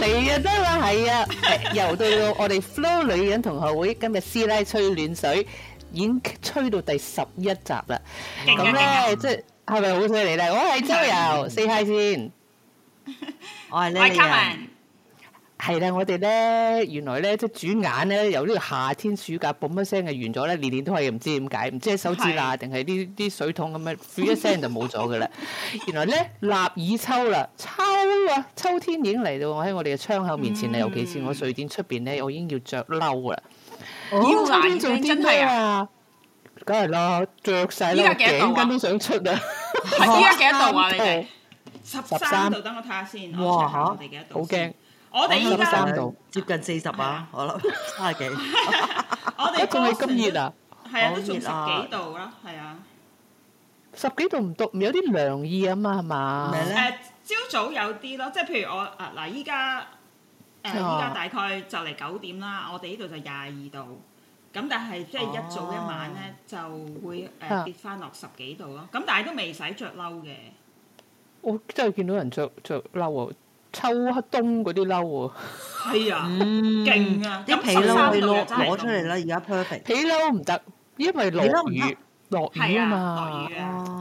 嚟啊，真係係啊！遊、欸、到我哋 Flow 女人同學會今日師奶吹暖水，已經吹到第十一集啦。咁咧， 即係係咪好犀利咧？我係周遊，say hi 先。我係 Lilian。係啦，我哋咧，原來咧，即係轉眼咧，由呢個夏天暑假，嘣一聲就完咗咧。年年都係唔知點解，唔知係手指罅啦，定係呢啲水桶咁樣，噏一聲就冇咗嘅啦。原來咧，立耳秋啦，秋啊，秋天已經嚟到。我喺我哋嘅窗口面前咧，尤其是我瑞典出邊咧，我已經要着褸噶啦。要冬天做啲咩啊？梗係啦，著曬啦，頸巾都想出啊！依家幾多度啊？你哋十三度，等我睇下先。哇！好驚。我哋依家三十三度接近四十啊，我諗卅幾。我哋仲係咁熱啊！係啊，都仲十幾度啦，係啊。十幾度唔凍，唔有啲涼意啊嘛，係嘛？誒，朝早有啲咯，即係譬如我啊嗱，依家誒依家大概就嚟九點啦，我哋呢度就廿二度，咁但係即係一早一晚咧就會誒跌翻落十幾度咯，咁但係都未使著褸嘅。我真係見到人著著褸啊！秋冬嗰啲褸啊，係啊，勁啊！啲皮褸皮褸攞出嚟啦，而家 perfect。皮褸唔得，因為落雨落雨啊嘛，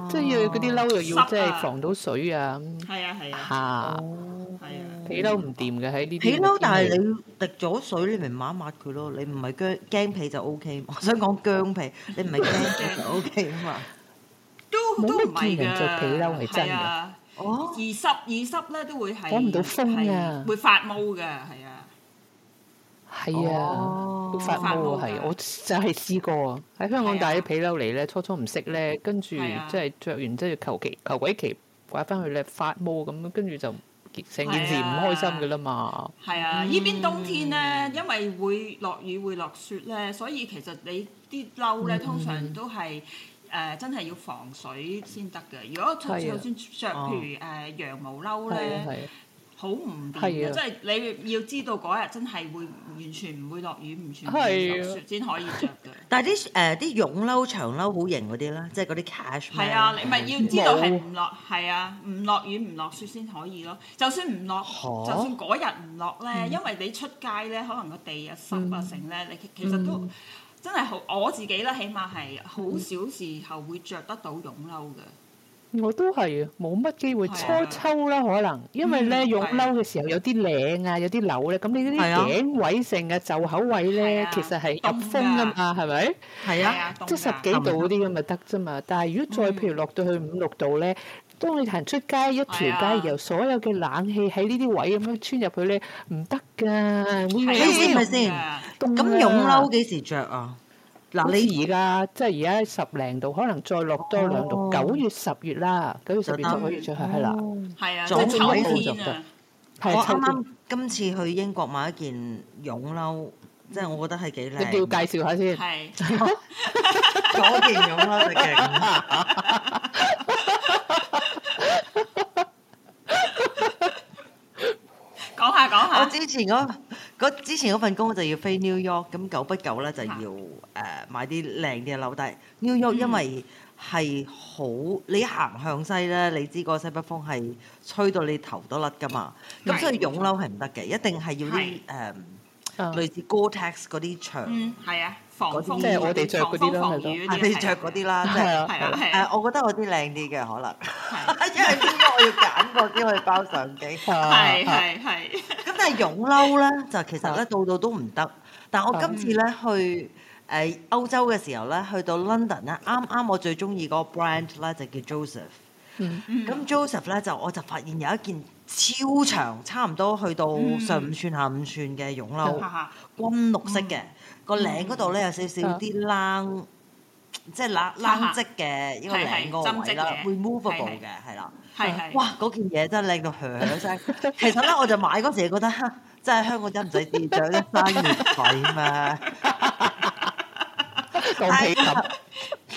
即係要嗰啲褸又要即係防到水啊。係啊係啊，嚇，係啊，皮褸唔掂嘅喺呢啲。皮褸但係你滴咗水，你咪抹一抹佢咯。你唔係驚皮就 OK。我想講姜皮，你唔係驚皮就 OK 嘛。都冇乜人着皮褸，係真嘅。哦，易濕易濕咧都會係，講唔到風是會發毛嘅，係啊，係啊、哦，會發毛係是，我真係試過啊，喺香港帶啲皮褸嚟咧，初初唔識咧，跟住、啊、即係着完即後求其求鬼咁掛翻去咧，發毛咁，跟住就成件事唔開心嘅啦嘛。係啊，呢、嗯啊、邊冬天咧，因為會落雨會落雪咧，所以其實你啲褸咧通常都係。嗯嗯誒真係要防水先得嘅，如果出街就算著譬如誒羊毛褸咧，好唔掂嘅，即係你要知道嗰日真係會完全唔會落雨，唔會落雪先可以着嘅。但係啲誒啲絨褸、長褸好型嗰啲啦，即係嗰啲 cash。係啊，你咪要知道係唔落，係啊，唔落雨唔落雪先可以咯。就算唔落，就算嗰日唔落咧，因為你出街咧，可能個地啊濕啊成咧，你其實都。真係好我自己咧，起碼係好少時候會着得到絨褸嘅。我都係啊，冇乜機會初秋啦，可能因為咧的絨褸嘅時候有啲領啊，有啲紐咧，咁你呢啲頸位性啊袖口位咧，的其實係吸風啊嘛，係咪？係啊，即係十幾度嗰啲咁咪得啫嘛。的但係如果再譬如落到去五六度咧。當你行出街一條街，由所有嘅冷氣喺呢啲位咁樣穿入去咧，唔得噶，係咪先？咁絨褸幾時着啊？嗱，你而家即係而家十零度，可能再落多兩度，九月、十月啦，九月、十月、十一月著係啦。係啊，即係秋天著得。我啱啱今次去英國買一件絨褸，即係我覺得係幾靚。你叫介紹下先。係。左件絨褸勁。之前嗰、之前嗰份工就要飛 New York，咁久不久咧就要誒買啲靚啲嘅褸底。New York 因為係好、嗯、你行向西咧，你知個西北風係吹到你頭都甩㗎嘛，咁的所以絨褸係唔得嘅，一定係要啲誒的、呃、類似 Gore Tex 嗰啲牆。嗯，係啊。即係我哋着嗰啲啦，係咪先？你著嗰啲啦，即係誒，我覺得嗰啲靚啲嘅可能，因為點解我要揀嗰啲去包上機，係係係。咁但係絨褸咧，就其實咧到到都唔得。但係我今次咧去誒歐洲嘅時候咧，去到 London 咧，啱啱我最中意嗰個 brand 咧就叫 Joseph。咁 Joseph 咧就我就發現有一件超長，差唔多去到上五寸下五寸嘅絨褸，軍綠色嘅。個領嗰度咧，有少少啲冷，即係冷冷積嘅一個領嗰個位啦 removable 嘅係啦。係係，哇！嗰件嘢真係靚到響，真係。其實咧，我就買嗰時覺得，即係香港人唔使著啲生意費嘛。係，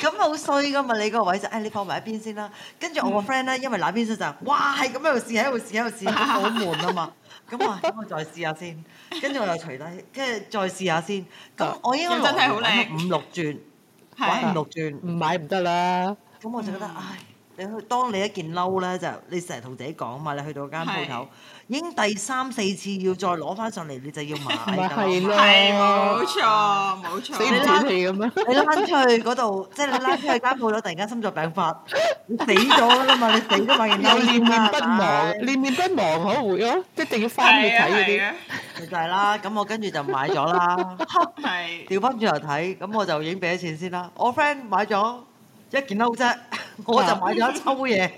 咁好衰噶嘛！你個位就誒，你放埋一邊先啦。跟住我個 friend 咧，因為攬邊身就話，哇！係咁一路試，係一路試，一路試，好悶啊嘛。咁我應該再試下先，跟住我又除低，跟住再試下先。咁我應該真係好靚五六轉，玩 的五六轉，唔買唔得啦。咁我就覺得，唉、嗯，你去當你一件褸咧，就你成日同自己講嘛，你去到間鋪頭。已經第三四次要再攞翻上嚟，你就要買㗎啦。係啊，冇錯，冇錯。死啦！你拉翻出去嗰度，即係你拉出去間鋪頭，突然間心臟病發，死咗啦嘛！你死咗發現，念念不忘，念念不忘，可會啊？一定要翻去睇嗰啲，就係啦。咁我跟住就買咗啦。係。調翻轉頭睇，咁我就已經俾咗錢先啦。我 friend 買咗一件褸啫，我就買咗一抽嘢。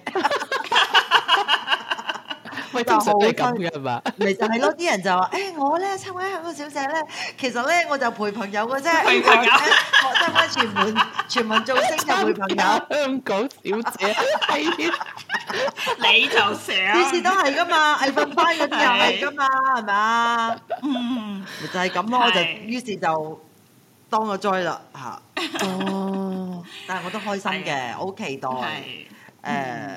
咪通常都係嘅嘛，咪就係咯。啲人就話，誒我咧參加香港小姐咧，其實咧我就陪朋友嘅啫，朋友，真係全民全民做星嘅陪朋友香港小姐，係你就想，於是都係噶嘛，藝訓班嗰啲又係噶嘛，係咪啊？就係咁咯，就於是就當個災啦嚇。哦，但係我都開心嘅，我好期待誒。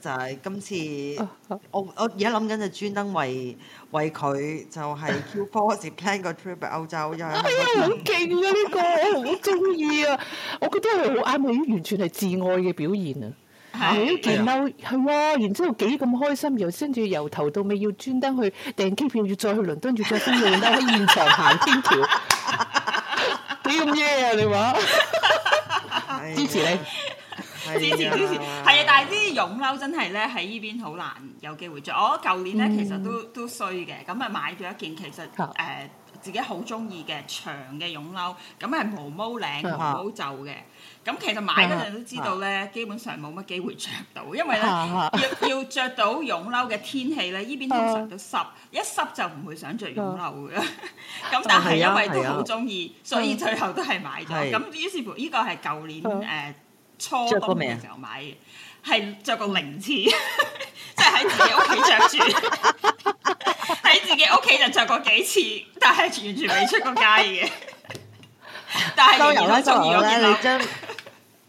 就係今次我專專、哎這個，我我而家諗緊就專登為為佢，就係 Q Four 時 plan 個 trip 去歐洲，又喺好勁啊！呢個我好中意啊！我覺得佢好啱佢，y, 完全係自愛嘅表現、哎、啊！係一件褸，係、嗯、喎，然之後幾咁開心，又先至由頭到尾要專登去訂機票，要再去倫敦，要再飛，要喺現場行天橋，幾咁嘢啊！你話支持你。哎係啊，但係啲絨褸真係咧喺依邊好難有機會着。我、哦、舊年咧其實都、嗯、都衰嘅，咁啊買咗一件其實誒、呃、自己好中意嘅長嘅絨褸，咁係毛毛領、毛毛袖嘅。咁其實買嗰陣都知道咧，啊、基本上冇乜機會着到，因為咧、啊啊、要要著到絨褸嘅天氣咧，依邊通常都濕，一濕就唔會想着絨褸嘅。咁 但係因為都好中意，所以最後都係買咗。咁、啊啊、於是乎呢個係舊年誒。呃初讀嘅時候買嘅，係著過零次，即係喺自己屋企着住，喺 自己屋企就着過幾次，但係完全未出過街嘅。 但係仍然中意嗰件咯。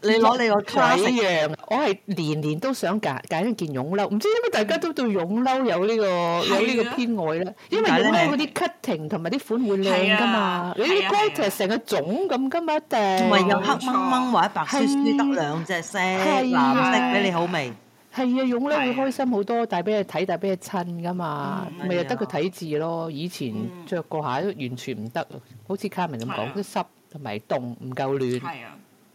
你攞你個睇樣，我係年年都想揀揀一件絨褸，唔知點解大家都對絨褸有呢個有呢個偏愛咧。因為絨褸嗰啲 cutting 同埋啲款會靚噶嘛，你啲 coat 成個腫咁噶嘛，定唔係有黑掹掹，或者白色得兩隻色？藍色俾你好味，係啊，絨褸會開心好多，帶俾你睇，帶俾你親噶嘛，咪又得佢睇字咯。以前着過下都完全唔得，好似 Carmen 咁講，都濕同埋凍唔夠暖。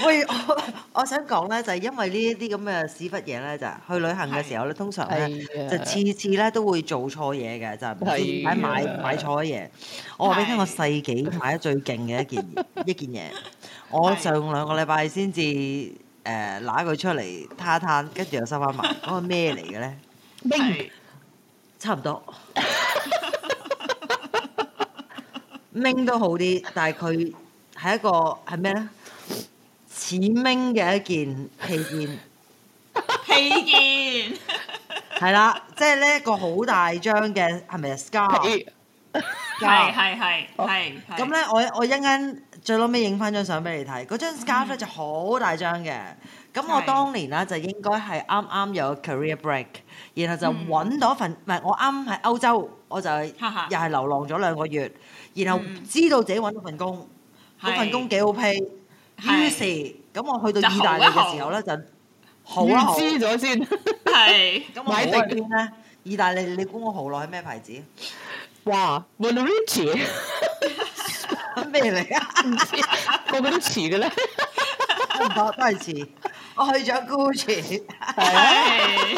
我 我想講咧，就係因為呢一啲咁嘅屎忽嘢咧，就係去旅行嘅時候咧，的通常咧就次次咧都會做錯嘢嘅，就係、是、買買的買錯嘢。我話俾你聽，我世紀買得最勁嘅一件一件嘢， 我上兩個禮拜先至誒揦佢出嚟攤一攤，跟住又收翻埋。嗰、那個咩嚟嘅咧？拎的差唔多，拎 都好啲，但係佢係一個係咩咧？紫明嘅一件披件，披件係啦，即係咧個好大張嘅，係咪 scar？係係係係，咁咧我我一陣間最屘影翻張相俾你睇，嗰張 scar 咧就好大張嘅。咁我當年啦就應該係啱啱有 career break，然後就搵到份唔係，我啱喺歐洲，我就又係流浪咗兩個月，然後知道自己搵到份工，嗰份工幾 ok 於是。咁、嗯、我去到意大利嘅時候咧，就預知咗先猴一猴。係、 嗯、買食店咧，意大利你估我好耐係咩牌子？哇，Monachi 咩嚟啊？個 Monachi 嘅咧，都係字。我去咗 Gucci，係，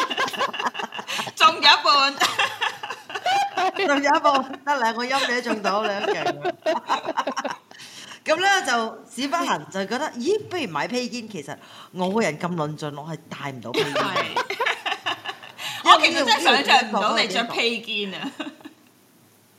仲有一半，仲有一半，得 兩個音嘅中到兩件。 咁咧就屎不行，就覺得咦，不如買披肩。其實我個人咁論盡，我係戴唔到披肩。 我其實真係想像唔到你着披肩啊！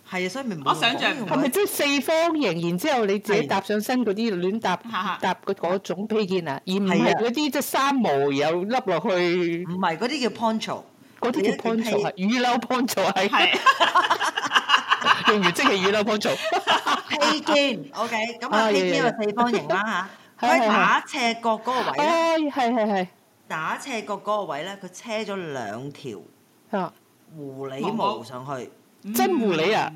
係啊， 所以咪我想像唔到係咪即係四方形？然之後你自己搭上身嗰啲亂搭搭嗰嗰種披肩啊，而唔係嗰啲即係三毛有笠落去。唔係嗰啲叫 poncho，嗰啲叫 poncho 係雨褸 poncho 係。 用完蒸汽雨啦，幫做。披肩，O.K.，咁啊披肩咪四方形啦嚇。喺打斜角嗰個位啊。係係係。打斜角嗰個位咧，佢車咗兩條狐狸毛上去。真狐狸啊？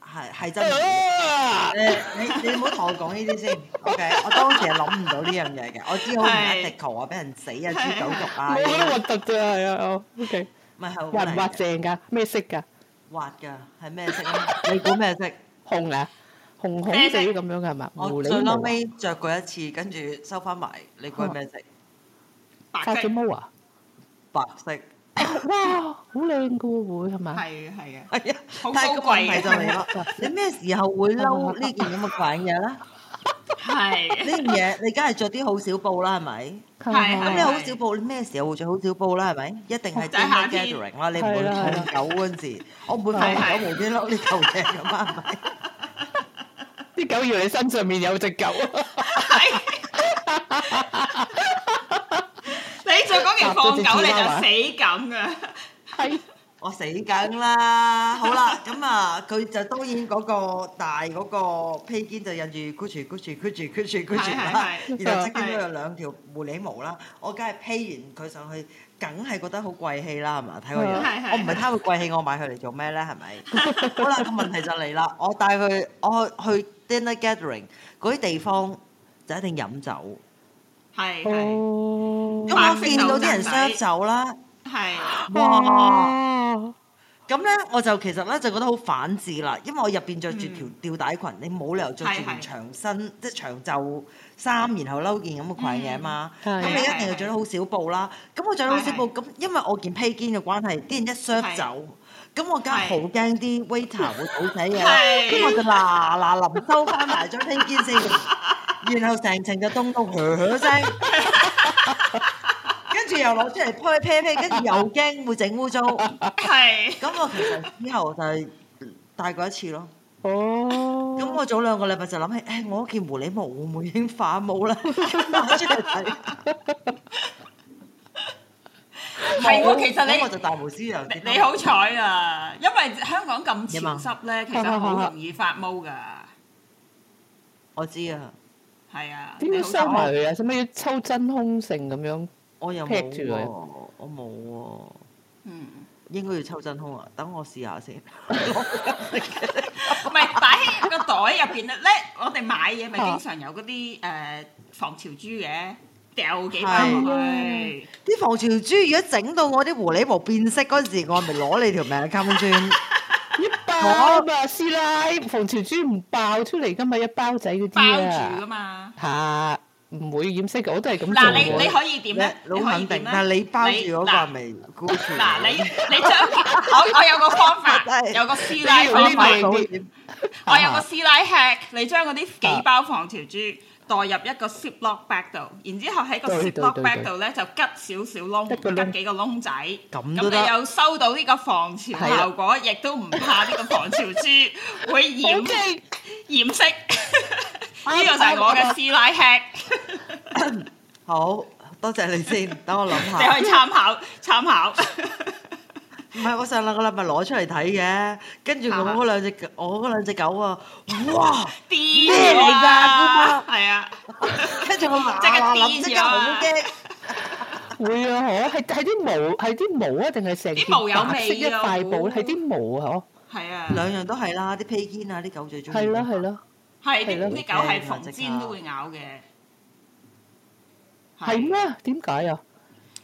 係係真狐狸。誒，你你唔好同我講呢啲先。O.K.，我當時係諗唔到呢樣嘢嘅。我知好唔 ethical 啊！俾人死啊！豬狗肉啊！冇咁核突嘅係啊！O.K.，畫唔畫正㗎？咩色㗎？滑噶，係咩色啊？ 你估咩色？紅啊，紅紅哋咁樣噶係嘛？吧我最 last 尾着過一次，跟住、啊、收翻埋。你估咩色？白雞毛啊？白色。白色 哇，好靚噶喎，會係嘛？係啊係啊。係啊，但係咁貴就嚟咯。 你咩時候會嬲呢件咁嘅怪嘢咧？係呢樣嘢， 你梗係係着啲好少布啦，係咪？係咁 你好少布，你咩時候會着好少布啦？係咪？一定係 天冷嘅時候啦。你唔會放狗嗰陣時，我唔會放狗無端嬲撈你頭頸咁啊！係咪？啲狗要你身上面有隻狗。你再嗰件放狗， 你就死咁啊！係。 死梗啦！好啦，咁啊，佢就當然嗰個大嗰個披肩就印住 Gucci Gucci Gucci Gucci Gucci 啦，然後側邊都有兩條狐狸毛啦，我梗係披完佢上去，梗係覺得好貴氣啦，係咪？睇個樣，我唔係貪佢貴氣，我買佢嚟做咩咧？係咪？好啦，個問題就嚟啦，我帶佢我去去 dinner gathering 嗰啲地方就一定飲酒，係係。咁我見到啲人 serve 酒啦，係哇。咁咧，我就其實咧就覺得好反智啦，因為我入邊着住條吊帶裙，你冇理由着住條長身即長袖衫，然後褸件咁嘅裙嘢嘛。咁你一定要着得好少布啦。咁我着得好少布，咁因為我件披肩嘅關係，啲人一削走，咁我梗係好驚啲 waiter 會好睇嘅。咁我就嗱嗱臨收翻埋張披肩先，然後成程就凍到噏噏聲。跟住又攞出嚟 pair pair，跟住又驚會整污糟，係。咁我其實之後就係戴過一次咯。哦。咁我早兩個禮拜就諗起，誒，我屋企狐狸毛會唔會已經化毛啦？攞出嚟睇。係喎，其實你我就大無知又。你好彩啊！因為香港咁潮濕咧，其實好容易發毛㗎。我知啊，係啊。點解收埋啊？使乜要抽真空成咁樣？我又冇喎，我冇喎，嗯，應該要抽真空啊，等我試下先。唔係擺喺個袋入邊啦，咧我哋買嘢咪經常有嗰啲誒防潮珠嘅，掉幾包落去。啲防潮珠如果整到我啲狐狸毛變色嗰陣時，我咪攞你條命，坑村。一包啊，師奶，防潮珠唔爆出嚟㗎嘛，一包仔嗰啲啊。包住㗎嘛。嚇！唔會染色嘅，我都係咁做嘅。嗱，你你可以點咧？老肯定。嗱你，你包住嗰個未固住。嗱，你你將我我有個方法， 有個師奶方法。你我有個師奶吃， 你將嗰啲幾包防潮珠。啊啊代入一個 Ziplock bag 度，然之後喺個 Ziplock bag 度咧就吉少少窿，吉幾個窿仔，咁你又收到呢個防潮效果，亦都唔怕呢個防潮珠會染 Okay. 染色。呢 個就係我嘅師奶吃， 好多謝，謝你先，等我諗下， 你可以參考參考。參考 唔係，我上兩個禮拜攞出嚟睇嘅，跟住我嗰兩隻我嗰兩隻狗啊，哇！癲！咩嚟㗎？係啊，跟住個馬啊，諗住佢好驚。會啊，係係啲毛係啲毛啊，定係成啲毛有味㗎喎。係啲毛啊，係啊，兩樣都係啦，啲披肩啊，啲狗最中意。係咯，係咯。係啲啲狗係馴飼都會咬嘅。係咩？點解啊？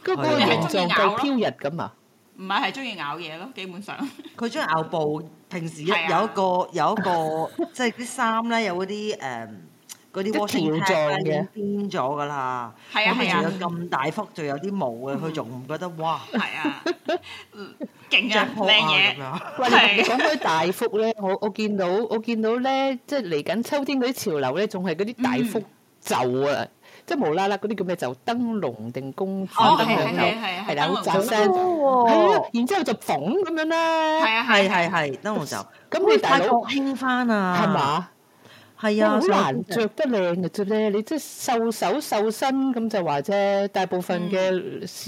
嗰個形狀夠飄逸咁啊！唔係，係中意咬嘢咯，基本上。佢中意咬布，平時一有一個、啊、有一個，即係啲衫咧有嗰啲誒嗰啲 wool tweed 嘅，癲咗噶啦。係啊係啊，啊有咁大褸就有啲毛嘅，佢仲唔覺得，哇，係啊，勁啊靚嘢。喂很，你講開大褸咧，我我見到我見到咧，即係嚟緊秋天嗰啲潮流咧，仲係嗰啲大褸就啊。嗯即係無啦啦嗰啲叫咩？就燈籠定公主燈籠袖，係啦，好窄身，係啦，然之後就縫咁樣啦。係啊，係係係燈籠袖。咁你大佬輕翻啊？係嘛？係啊，好難着得靚嘅啫。你即係瘦手瘦身咁就話啫。大部分嘅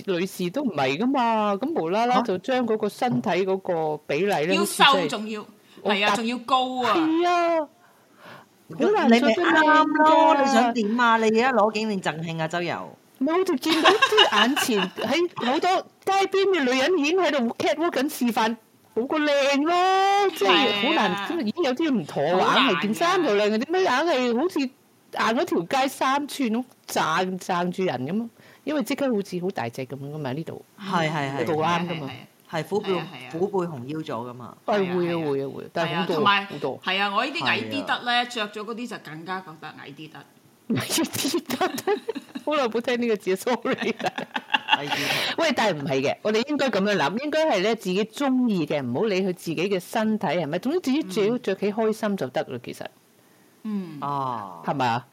女士都唔係噶嘛。咁無啦啦就將嗰個身體嗰個比例咧，即係要瘦仲要，係啊，仲要高啊。難你覺得啱咯，啊、你想點啊？你而家攞景定贈慶啊？周遊咪好似見到啲眼前喺好多街邊嘅女人演喺度 catwalk 緊示範，好過靚咯，即係好難。的已經有啲唔妥啦，嚟件衫又靚，點解硬係好似行嗰條街三寸咯？撐撐住人咁，因為即刻好似好大隻咁，咁咪喺呢度，係係係，呢個啱噶嘛。係虎背，虎背熊腰咗噶嘛？係會啊，會啊，會、啊。好多、啊，好多、啊，係啊，怕啊，我呢啲矮啲得咧，着咗嗰啲就更加覺得矮啲得。矮啲得，好耐冇聽呢個字，sorry。 喂，但係唔係嘅，我哋應該咁樣諗，應該係咧自己中意嘅，唔好理佢自己嘅身體係咪，總之只要着起開心就得啦。其實，嗯，哦吧，係是嘛，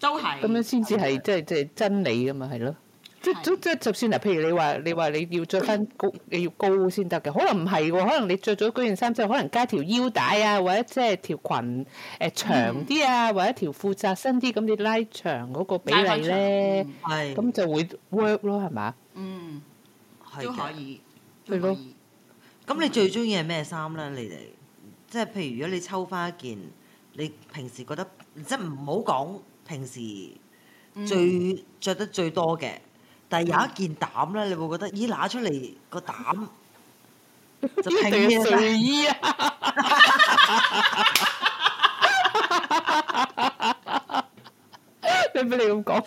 都係咁樣先至係即係即係真理噶嘛，係咯。即即係，就算嗱，譬如你話你話你要着翻高， 你要高先得嘅，可能唔係喎，可能你着咗嗰件衫之後，可能加條腰帶啊，或者即係條裙誒、呃、長啲啊，嗯、或者條褲窄身啲，咁你拉長嗰個比例咧，咁、嗯、就會 work 咯，係咪？嗯，都可以，都可以，咁、嗯、你最中意係咩衫咧？你哋即係譬如如果你抽翻一件，你平時覺得即係唔好講平時最着、嗯嗯、得最多嘅。但係有一件膽啦，你會覺得咦？拿出嚟個膽就係睡衣啊？你俾你咁講，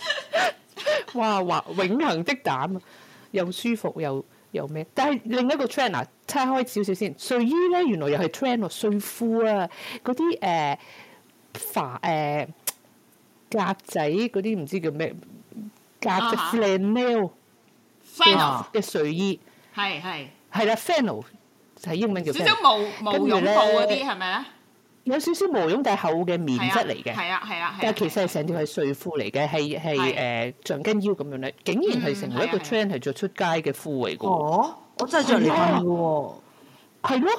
哇！畫永恒的膽啊，又舒服又又咩？但係另一個 trend 啊，拆開少少先，睡衣咧原來又係 trend 落睡褲啊。嗰啲誒化誒格仔嗰啲唔知叫咩？夾隻 flannel，flannel 嘅睡衣，係係係啦，flannel 就係英文叫少少毛毛絨布嗰啲係咪咧？有少少毛絨但厚嘅棉質嚟嘅，係啊係啊。但其實係成條係睡褲嚟嘅，係係誒橡筋腰咁樣咧。竟然係成為一個 trend，係着出街嘅褲嚟嘅。哦，我真係着嚟睇嘅喎，係咯，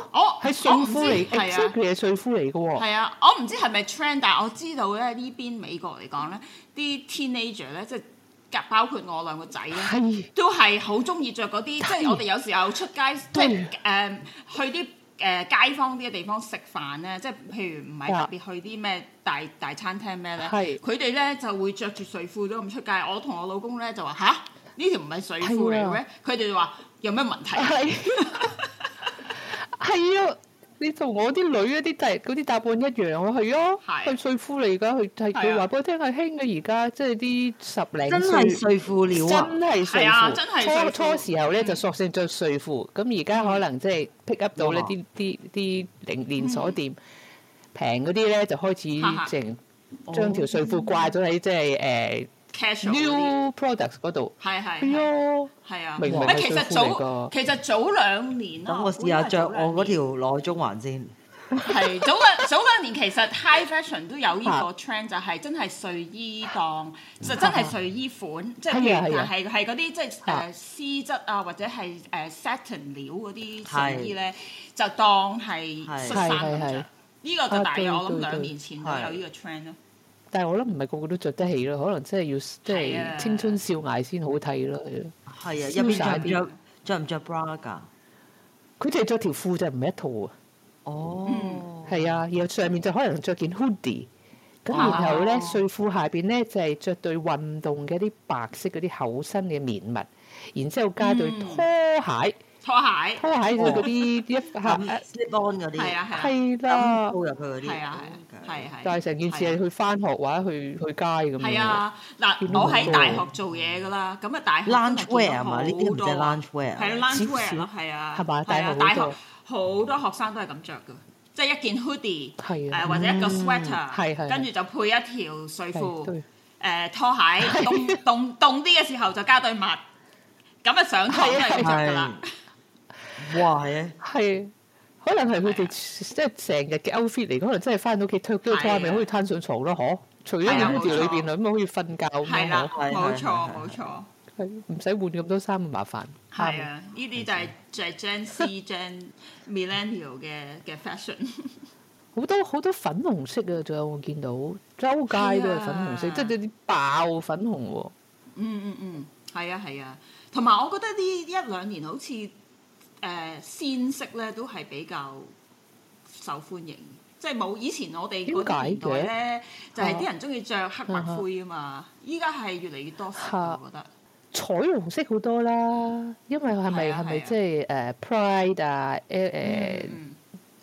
係睡褲嚟嘅，佢係睡褲嚟嘅喎。係啊，我唔知係咪 trend，但係我知道咧，呢邊美國嚟講咧，啲 teenager 咧即係。包括我兩個仔咧，的都係好中意着嗰啲，的即係我哋有時候出街，的即係誒、呃、去啲誒、呃、街坊啲嘅地方食飯咧，即係譬如唔係特別的去啲咩大大餐廳咩咧，佢哋咧就會着住睡褲都咁出街。我同我老公咧就話吓，呢條唔係睡褲嚟嘅咩？佢哋就話有咩問題？係，係要。你同我啲女嗰啲戴嗰啲答案一樣喎，係、哦、啊，係睡褲嚟噶，佢係佢話俾我聽係興嘅而家，即係啲十零真係睡褲料啊！真係睡褲，初初時候咧就索性着睡褲，咁而家可能即係 pick up 到呢啲啲啲零連鎖店平嗰啲咧就開始淨哈將條睡褲掛咗喺即係誒。就是呃 New products 嗰度係，係，係啊，係啊，明明睡褲嚟㗎。其實早，其實早兩年咯，等我試下著我嗰條內中環先。係，早兩，早兩年，其實 high fashion 都有呢個 trend，就係真係睡衣當，就真係睡衣款，即係，係，係係啲即係誒絲質啊，或者係誒 satin 料嗰啲睡衣咧，就當係，恤衫咁呢個就大約我諗兩年前都有呢個 trend 咯。但係我諗唔係個個都著得起咯，可能真係要即係青春少艾先好睇咯。係啊，入面著著唔著 bra 噶？佢哋著條褲就唔係一套啊。哦，係啊，然後上面就可能著件 hoodie，咁然後咧睡褲下邊咧就係著對運動嘅啲白色嗰啲厚身嘅棉襪，然之後加對拖鞋。拖鞋，拖鞋即係嗰啲一盒 slip on 嗰啲，係啦，入去嗰啲，係啊係啊，係係。但係成件事係去翻學或者去去街咁樣。係啊，嗱，我喺大學做嘢噶啦，咁啊大學，loungewear 啊嘛，呢啲好多 loungewear，係 loungewear 咯，係啊，係嘛？但係大學好多學生都係咁着噶，即係一件 hoodie，誒或者一個 sweater，跟住就配一條睡褲，誒拖鞋，凍凍啲嘅時候就加對襪，咁啊上堂都係啦。壞咧，係可能係佢哋即係成日嘅 outfit 嚟，可能真係翻到屋企 t 脫咗個拖鞋咪可以攤上床咯，嗬？除咗 in the 裏邊，咪可以瞓覺。係啦，冇錯冇錯，唔使換咁多衫，咁麻煩。係啊，呢啲就係就係 Gen C Gen Millennial 嘅嘅 fashion。好多好多粉紅色啊！仲有我見到周街都係粉紅色，即係啲爆粉紅。嗯嗯嗯，係啊係啊，同埋我覺得呢一兩年好似。誒、呃、鮮色咧都係比較受歡迎，即係冇以前我哋嗰啲年代咧，何就係啲人中意着黑白灰啊嘛。依家係越嚟越多、啊、我覺得彩虹色好多啦，因為係咪係咪即係誒 Pride 啊誒誒，係啊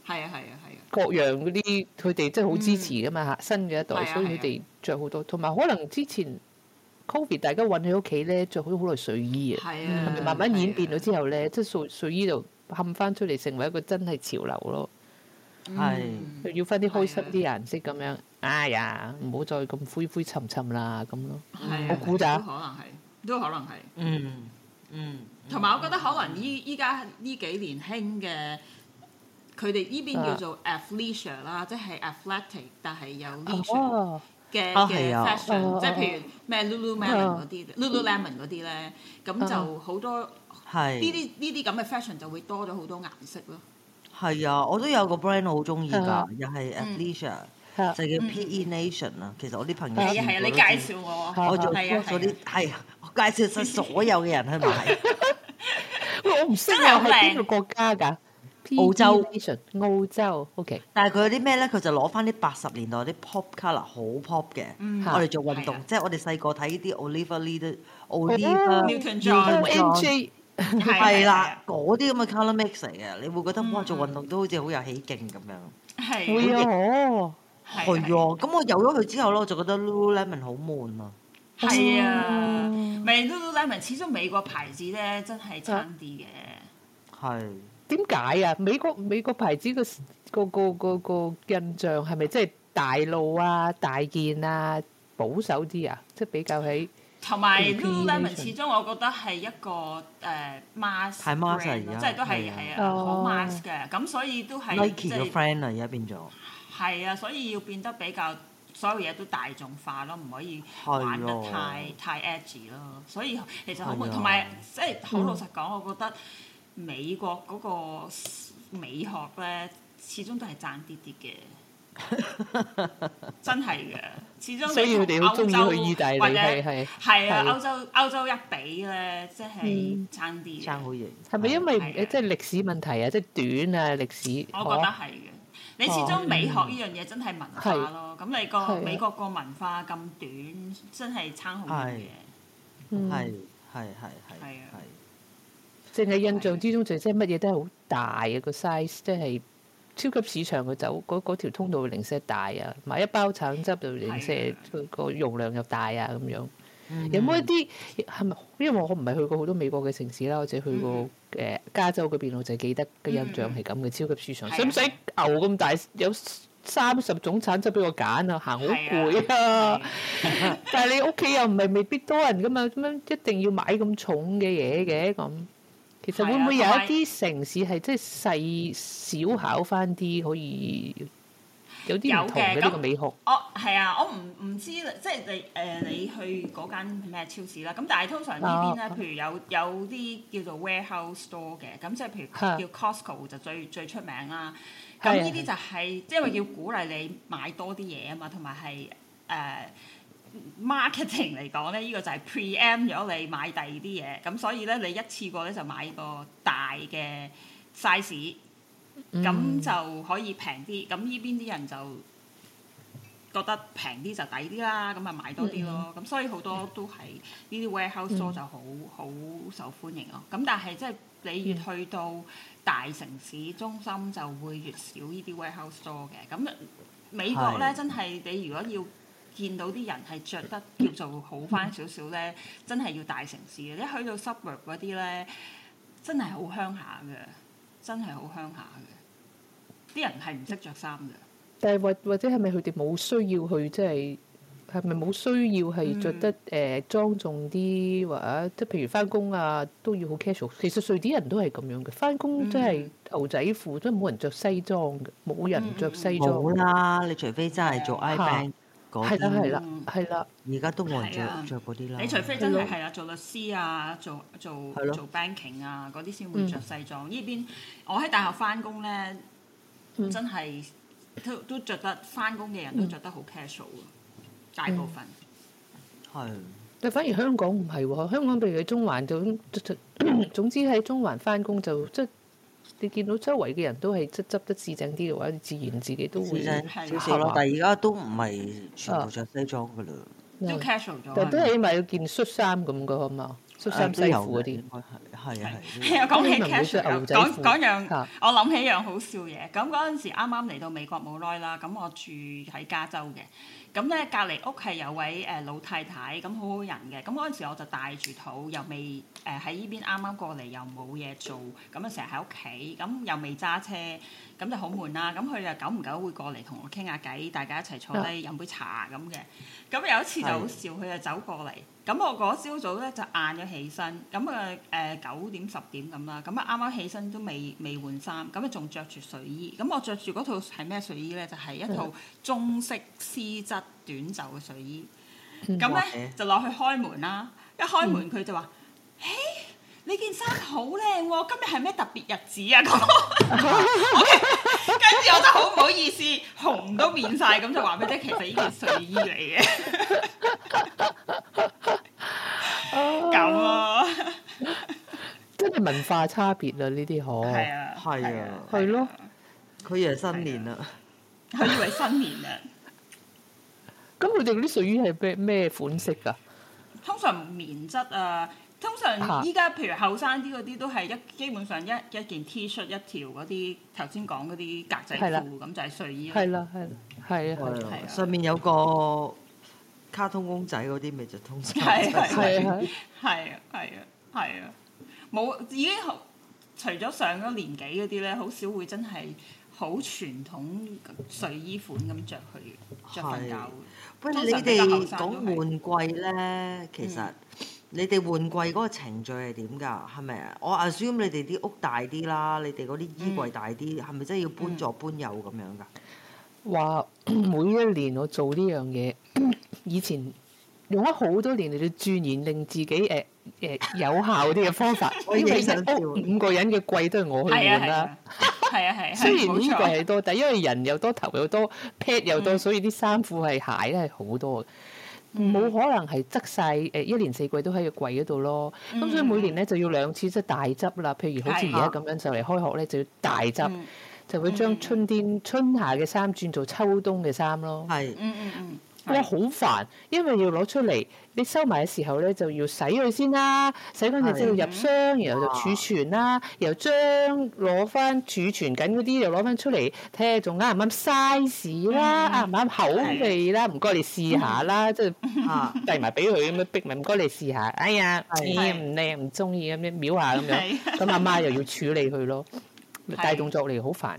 係啊係啊，啊各樣嗰啲佢哋即係好支持噶嘛嚇，嗯、新嘅一代，啊、所以佢哋着好多，同埋、啊、可能之前。COVID 大家韞喺屋企咧，着好好耐睡衣啊，係咪慢慢演變咗之後咧，即係睡睡衣就冚翻出嚟，成為一個真係潮流咯。係要翻啲開心啲顏色咁樣，哎呀，唔好再咁灰灰沉沉啦咁咯。我估咋？可能係都可能係，嗯嗯。同埋我覺得可能依依家呢幾年興嘅，佢哋呢邊叫做 athleisure 啦，即係 athletic，但係有嘅嘅 fashion，即係譬如咩 Lululemon 嗰啲，Lululemon 嗰啲咧，咁就好多呢啲呢啲咁嘅 fashion 就會多咗好多顏色咯。係啊，我都有個 brand 好中意㗎，又係 athleisure，就叫 P.E.Nation 啦。其實我啲朋友係啊係啊，你介紹我，我仲幫咗啲介紹晒所有嘅人去買。我唔識係邊個國家㗎？澳洲，澳洲，O K。但係佢有啲咩咧？佢就攞翻啲八十年代啲 pop color 好 pop 嘅，我哋做運動，即係我哋細個睇啲 Olivia Newton、Olivia、Newton John，係啦，嗰啲咁嘅 color mix 嚟嘅，你會覺得哇，做運動都好似好有起勁咁樣。係。會啊，哦，係咁我有咗佢之後咧，我就覺得 Lululemon 好悶啊。係啊，咪 Lululemon 始終美國牌子咧，真係差啲嘅。係。點解啊？美國美國牌子個個個印象係咪即係大路啊、大件啊、保守啲啊？即係比較喺同埋 Lululemon 始終我覺得係一個 mask 即係都係係啊好 mask 嘅，咁所以都係 Nike 個 friend 啊而家變咗，係啊，所以要變得比較所有嘢都大眾化咯，唔可以玩得太太 edgy 咯，所以其實好同埋即係好老實講，我覺得。美國嗰個美學咧，始終都係爭啲啲嘅，真係嘅。始終歐洲，所以佢哋好鍾意去意大利，或者係係啊，歐洲歐洲一比咧，即係爭啲爭好遠。係咪因為即係歷史問題啊？即係短啊歷史。我覺得係嘅。你始終美學呢樣嘢真係文化咯。咁你個美國個文化咁短，真係爭好遠嘅。係係係係。係啊。淨係印象之中，淨係即係乜嘢都係好大啊！個 size 即係超級市場佢走嗰條通道零舍大啊，買一包橙汁就零舍、啊、個容量又大啊咁樣。嗯、有冇一啲係咪？因為我唔係去過好多美國嘅城市啦，或者去過誒、嗯呃、加州嗰邊，我就記得嘅印象係咁嘅。嗯、超級市場使唔使牛咁大？有三十種橙汁俾我揀啊，行好攰啊！啊但係你屋企又唔係未必多人噶嘛，咁樣一定要買咁重嘅嘢嘅咁？其實會唔會有一啲城市係即係細小考翻啲可以有啲唔同嘅呢個美學？哦，係啊，我唔唔知即係你誒、呃、你去嗰間咩超市啦。咁但係通常呢邊咧，哦、譬如有有啲叫做 warehouse store 嘅，咁即係譬如叫 Costco 就最、啊、最出名啦。咁呢啲就係即係話要鼓勵你買多啲嘢啊嘛，同埋係誒。呃 marketing 嚟講咧，呢、呢個就係 prompt 咗你買第二啲嘢，咁所以咧你一次過咧就買個大嘅 size，咁就可以平啲，咁呢邊啲人就覺得平啲就抵啲啦，咁啊買多啲咯，咁、嗯、所以好多都係呢啲 warehouse store、嗯、就好好受歡迎咯，咁、嗯、但係即係你越去到大城市中心就會越少呢啲 warehouse store 嘅，咁美國咧的真係你如果要見到啲人係著得叫做好翻少少咧，真係要大城市嘅。一去到 suburb 嗰啲咧，真係好鄉下嘅，真係好鄉下嘅。啲人係唔識著衫嘅。但係或或者係咪佢哋冇需要去即係係咪冇需要係著得誒莊重啲？或啊，即係譬如翻工啊都要好 casual。其實瑞典人都係咁樣嘅，翻工即係牛仔褲，真係冇人著西裝嘅，冇人著西裝。冇啦，你除非真係做 I-Bank。係啦，係啦，係啦。而家都冇人著著嗰啲啦。你除非真係係啊，做律師啊，做做做 banking 啊嗰啲先會著西裝。呢邊我喺大學翻工咧，真係都都著得翻工嘅人都著得好 casual 啊，大部分係。但反而香港唔係喎，香港譬如喺中環就總之喺中環翻工就即。你見到周圍嘅人都係執執得整正啲嘅話，你自然自己都會係咯。但係而家都唔係全部着西裝嘅嘞，都 casual 咗。但都起碼要件恤衫咁嘅嘛，恤衫西褲嗰啲。係啊係啊。啊，講起 casual，講樣，我諗起一樣好笑嘢。咁嗰陣時啱啱嚟到美國冇耐啦，咁我住喺加州嘅。咁咧隔離屋係有位誒、呃、老太太，咁好好人嘅。咁嗰陣時我就帶住肚，又未誒喺依邊啱啱過嚟，又冇嘢做，咁啊成日喺屋企，咁又未揸車，咁就好悶啦。咁佢就久唔久會過嚟同我傾下偈，大家一齊坐低飲、啊、杯茶咁嘅。咁有一次就好笑，佢是的 就走過嚟。咁我嗰朝早咧就晏咗起身，咁啊誒九點十點咁啦，咁啊啱啱起身都未未換衫，咁啊仲着住睡衣，咁我着住嗰套係咩睡衣咧？就係、是、一套中式絲質短袖嘅睡衣，咁咧就落去開門啦。一開門佢就話：嘿、嗯。Hey 你件衫好靚喎！今日係咩特別日子啊？咁，跟住我真係好唔好意思，紅都變晒咁就話俾你聽，其實呢件睡衣嚟嘅。咁 啊，啊 真係文化差別啊！呢啲好，係啊，係啊，係咯，佢以為新年啦，佢以為新年啦。咁佢哋嗰啲睡衣係咩咩款式噶？通常棉質啊。通常依家譬如後生啲嗰啲都係一，基本上一一件 T 恤一條嗰啲，頭先講嗰啲格仔褲咁就係睡衣啦。係啦，係啦，係啊、嗯，上面有個卡通公仔嗰啲咪就通常。係啊，係啊，係啊，冇，已經除咗上咗年紀嗰啲咧，好少會真係好傳統睡衣款咁着。佢嘅，著瞓覺。喂，你哋講換季咧，其實～、嗯你哋換季嗰個程序係點㗎？係咪啊？我 assume，你哋啲屋大啲啦，你哋嗰啲衣櫃大啲，係咪、嗯、真係要搬左搬右咁樣㗎？話每一年我做呢樣嘢，以前用咗好多年嚟鑽研令自己誒誒、呃呃、有效啲嘅方法。 我影相屋五個人嘅櫃都係我去換啦。係啊係。啊啊啊啊啊啊 雖然衣櫃係多，錯但係因為人又多頭又多，pet 又多，所以啲衫褲係鞋係好多。嗯。冇、嗯、可能係執曬誒，一年四季都喺個櫃嗰度咯。咁、嗯、所以每年咧就要兩次即係大執啦。譬如好似而家咁樣就嚟開學咧，的就要大執，嗯、就會將春天、嗯、春夏嘅衫轉做秋冬嘅衫咯。係的，嗯嗯嗯。咧好煩，因為要攞出嚟，你收埋嘅時候咧就要洗佢先啦，洗乾淨之後入箱，然後就儲存啦，然後將攞翻儲存緊嗰啲又攞翻出嚟，睇下仲啱唔啱 size 啦，啱唔啱口味啦，唔該你試下啦，即係啊，遞埋俾佢咁樣逼埋，唔該你試下，哎呀，唔靚唔中意咁樣瞄下咁樣，咁阿媽又要處理佢咯，大動作嚟好煩，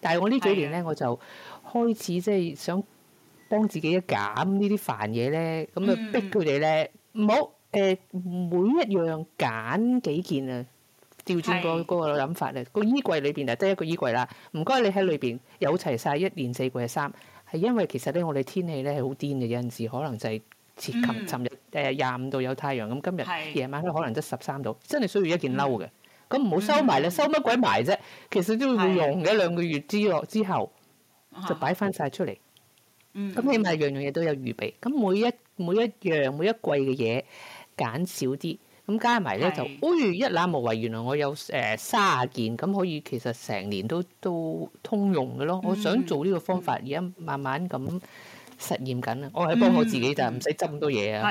但係我呢幾年咧我就開始即係想。幫自己一揀呢啲煩嘢咧，咁啊逼佢哋咧，唔好誒每一樣揀幾件啊，調轉個嗰個諗法咧。個衣櫃裏邊啊，得一個衣櫃啦，唔該你喺裏邊有齊曬一年四季嘅衫，係因為其實咧我哋天氣咧係好癲嘅，有陣時可能就係接近尋日誒廿五度有太陽，咁今日夜晚咧可能得十三度，真係需要一件褸嘅。咁唔好收埋啦，你收乜鬼埋啫？其實都會用嘅，兩個月之落之後就擺翻曬出嚟。咁起碼樣樣嘢都有預備，咁每一每一樣每一季嘅嘢減少啲，咁加埋咧就，是哎，一覽無遺，原來我有誒卅、呃、件，咁可以其實成年都都通用嘅咯。嗯、我想做呢個方法，而家、嗯、慢慢咁實驗緊啦。嗯、我係幫我自己就唔使執咁多嘢啊。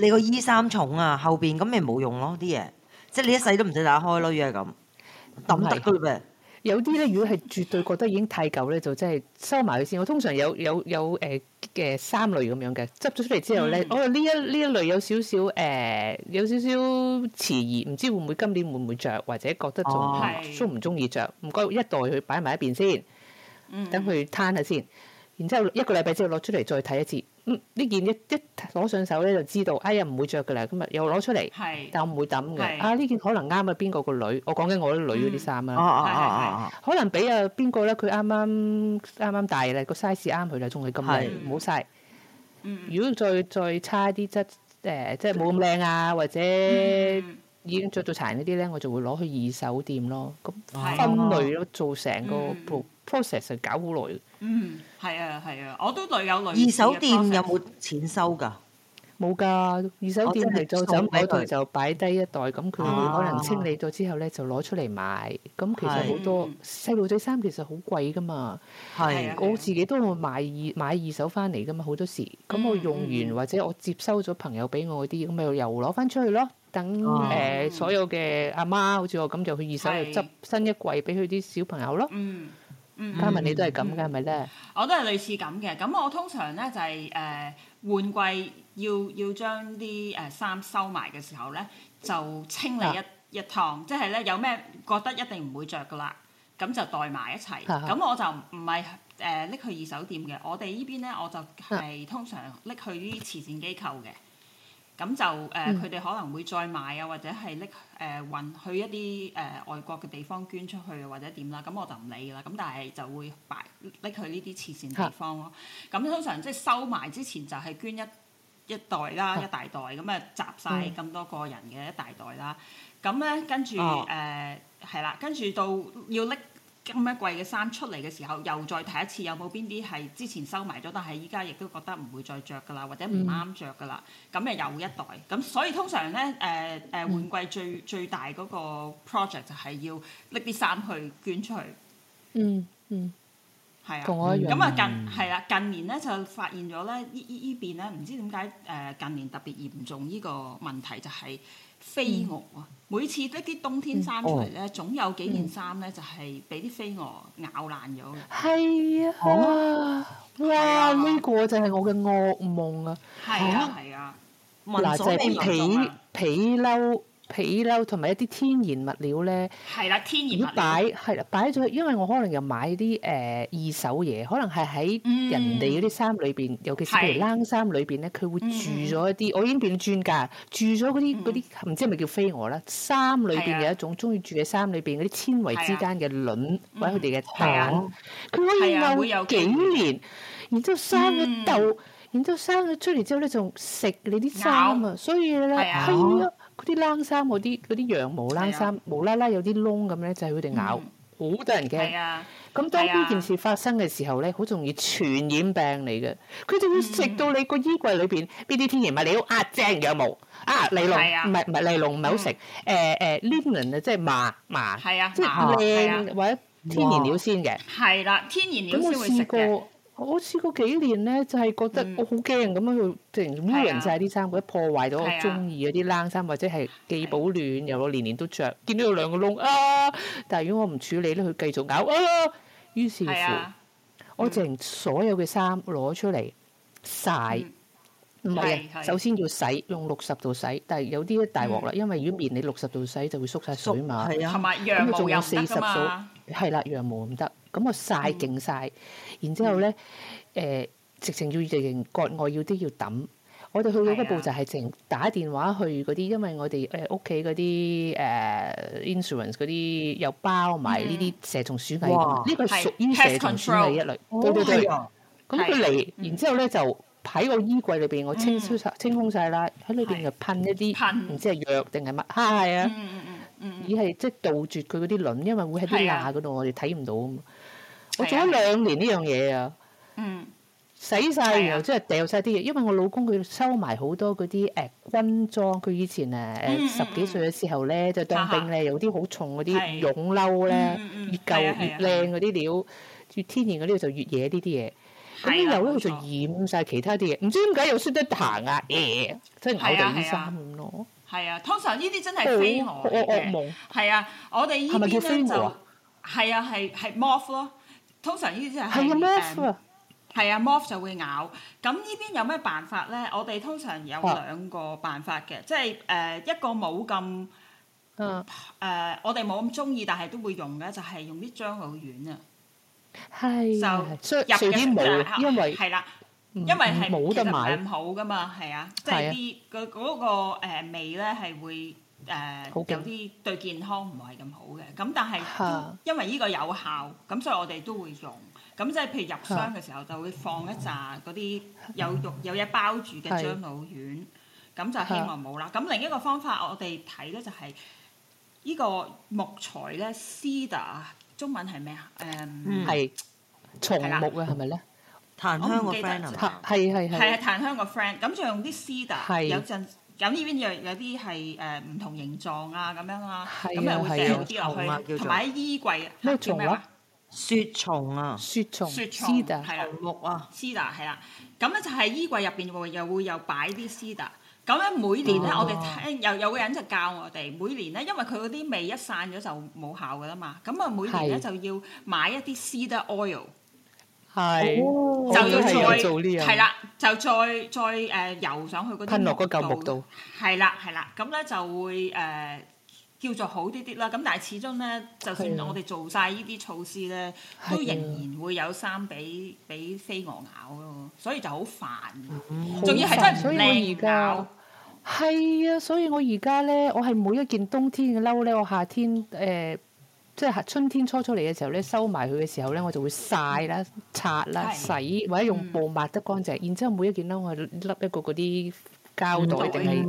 你個衣衫重啊，後邊咁咪冇用咯啲嘢，即係你一世都唔使打開咯，如果係咁抌得佢咧。有啲咧，如果係絕對覺得已經太舊咧，就真係收埋佢先。我通常有有有誒嘅、呃、三類咁樣嘅，執咗出嚟之後咧，嗯、我呢一呢一類有少少誒、呃，有少少遲疑，唔知會唔會今年會唔會着，或者覺得仲中唔中意着。唔該、哎、一袋佢擺埋一邊先，等佢攤下先，然之後一個禮拜之後攞出嚟再睇一次。呢、嗯、件一一攞上手咧就知道，哎呀唔會着嘅啦，今日又攞出嚟，是但我唔會抌嘅。是啊，呢件可能啱、嗯、啊，邊個個女？我講緊我啲女嗰啲衫啊，可能俾啊邊個咧？佢啱啱啱啱大啦，個 size 啱佢啦，仲係咁耐，冇嘥是。浪嗯，如果再再差啲質，誒、呃，即係冇咁靚啊，或者、嗯嗯、已經着到殘啲咧，我就會攞去二手店咯。咁分類咯，做成個、嗯嗯 process 係搞好耐嘅。嗯，係啊，係啊，我都有有二手店，有冇錢收㗎？冇㗎，二手店嚟就就擺低一袋，咁佢可能清理咗之後咧，就攞出嚟賣。咁其實好多細路仔衫其實好貴㗎嘛。係，我自己都會買二買二手翻嚟㗎嘛，好多時咁我用完或者我接收咗朋友俾我啲，咁咪又攞翻出去咯。等誒所有嘅阿媽好似我咁，就去二手度執新一季俾佢啲小朋友咯。嗯。Carmen，你都係咁嘅係咪咧？我都係類似咁嘅，咁我通常咧就係、是、誒、呃、換季要要將啲誒衫收埋嘅時候咧，就清理一、啊、一趟，即係咧有咩覺得一定唔會着噶啦，咁就袋埋一齊。咁、啊、我就唔係誒拎去二手店嘅，我哋呢邊咧我就係通常拎去啲慈善機構嘅。咁就誒，佢、呃、哋、嗯、可能會再買啊，或者係拎誒運去一啲誒、呃、外國嘅地方捐出去、啊、或者點啦、啊，咁我就唔理啦。咁但係就會擺拎去呢啲慈善地方咯、啊。咁是的 通常即係收埋之前就係捐一一袋啦，是的 一大袋咁啊，集晒咁多個人嘅一大袋啦。咁咧跟住誒係啦，跟住到要拎。咁一季嘅衫出嚟嘅時候，又再睇一次，有冇邊啲係之前收埋咗，但係依家亦都覺得唔會再着㗎喇，或者唔啱着㗎喇，咁、嗯、又又一袋，咁所以通常咧，誒、呃、誒、呃、換季最、嗯、最大嗰個 project 就係要拎啲衫去捐出去。嗯嗯，係、嗯、啊，同我一樣。咁、嗯、啊近係啦，近年咧就發現咗咧，邊呢依依邊咧唔知點解誒近年特別嚴重呢個問題就係、是。飛蛾啊，每次一啲冬天衫出嚟咧，總有幾件衫咧就係俾啲飛蛾咬爛咗。係啊，哇！哇！呢個就係我嘅噩夢啊！係啊係啊，問題就係被被褸。皮褸同埋一啲天然物料咧，係啦，天然。點擺係啦？擺咗，因為我可能又買啲誒二手嘢，可能係喺人哋嗰啲衫裏邊，尤其是譬如冷衫裏邊咧，佢會住咗一啲。我已經變咗專家，住咗嗰啲啲唔知係咪叫飛蛾啦？衫裏邊有一種中意住喺衫裏邊嗰啲纖維之間嘅卵，或者佢哋嘅蛋，佢可以有幾年，然之後生咗豆，然之後生咗出嚟之後咧，仲食你啲衫啊！所以咧，嗰啲冷衫，嗰啲嗰啲羊毛冷衫，無啦啦有啲窿咁咧，就係佢哋咬，好得人驚。咁當呢件事發生嘅時候咧，好容易傳染病嚟嘅，佢就會食到你個衣櫃裏邊邊啲天然物料，啊正羊毛，啊尼龍，唔係唔係尼龍唔係好食，誒誒 linen 啊，即係麻麻，即係靚或者天然料先嘅。係啦，天然料先會食嘅。我試過幾年咧，就係覺得我好驚咁樣去整污人曬啲衫，覺得破壞咗我中意嗰啲冷衫，或者係既保暖又我年年都着。見到有兩個窿啊！但係如果我唔處理咧，佢繼續咬。啊。於是乎，我整所有嘅衫攞出嚟晒。唔係，首先要洗，用六十度洗。但係有啲大鑊啦，因為如果棉你六十度洗就會縮晒水嘛。係啊，同埋羊仲又四十度嘛。係啦，羊毛唔得。咁我晒勁晒。然之後咧，誒直情要直情，國外要啲要抌。我哋去到一步就係直情打電話去嗰啲，因為我哋誒屋企嗰啲誒 insurance 嗰啲又包埋呢啲蛇蟲鼠蟻。呢個係屬於蛇蟲鼠蟻一類。哦，對對對。咁佢嚟，然之後咧就喺個衣櫃裏邊，我清清清空晒啦，喺裏邊就噴一啲，唔知係藥定係乜。嚇係啊！嗯嗯，以係即係杜絕佢嗰啲卵，因為會喺啲罅嗰度，我哋睇唔到啊嘛。我做咗兩年呢樣嘢啊，洗晒然後即係掉晒啲嘢，因為我老公佢收埋好多嗰啲誒軍裝，佢以前誒誒十幾歲嘅時候咧，就係當兵咧，有啲好重嗰啲絨褸咧，越舊越靚嗰啲料，越天然嗰啲就越野呢啲嘢。咁之後咧，佢就染晒其他啲嘢，唔知點解又識得彈啊，耶！真係咬到啲衫咁咯。係啊，通常呢啲真係飛蛾嘅。係啊，我哋呢邊咧就係啊，係係 moth 咯。通常呢啲係，係、嗯、啊 morph 就會咬。咁呢邊有咩辦法咧？我哋通常有兩個辦法嘅，啊、即係誒、呃、一個冇咁，誒、呃、我哋冇咁中意，但係都會用嘅，就係、是、用啲樟腦丸啊。係，就入啲冇，因為係啦，因為係冇咁好噶嘛，係啊，即係啲嗰嗰個味咧係會。誒有啲對健康唔係咁好嘅，咁但係因為依個有效，咁所以我哋都會用。咁即係譬如入箱嘅時候就會放一紮嗰啲有藥有嘢包住嘅樟腦丸，咁就希望冇啦。咁另一個方法我哋睇咧就係依個木材咧，cedar，中文係咩啊？誒，係松木啊，係咪咧？檀香個 friend 啊，係係係。係啊，檀香個 friend，咁就用啲 cedar，有陣。咁呢邊有有啲係誒唔同形狀啊，咁樣啊，咁又、啊、會掉啲落去，同埋喺衣櫃咩蟲啊？雪蟲啊，蟲雪蟲，雪蟲，係啊，木啊 cedar 係啦。咁咧、啊、就係衣櫃入邊喎，又會又擺啲 cedar。咁咧每年咧，哦、我哋聽又有個人就教我哋，每年咧，因為佢嗰啲味一散咗就冇效噶啦嘛。咁啊每年咧、啊啊、就要買一啲 cedar oil。係就要再做呢樣係啦，就再再誒油上去嗰啲度，噴落嗰嚿木度。係啦，係啦，咁咧就會誒叫做好啲啲啦。咁但係始終咧，就算我哋做曬呢啲措施咧，都仍然會有衫俾俾飛蛾咬咯。所以就好煩，仲要係真係唔靚咬。係啊，所以我而家咧，我係每一件冬天嘅褸咧，我夏天誒。即係春天初初嚟嘅時候咧，收埋佢嘅時候咧，我就會曬啦、擦啦、洗或者用布抹得乾淨。嗯、然之後每一件褸，我笠一個嗰啲膠袋，定係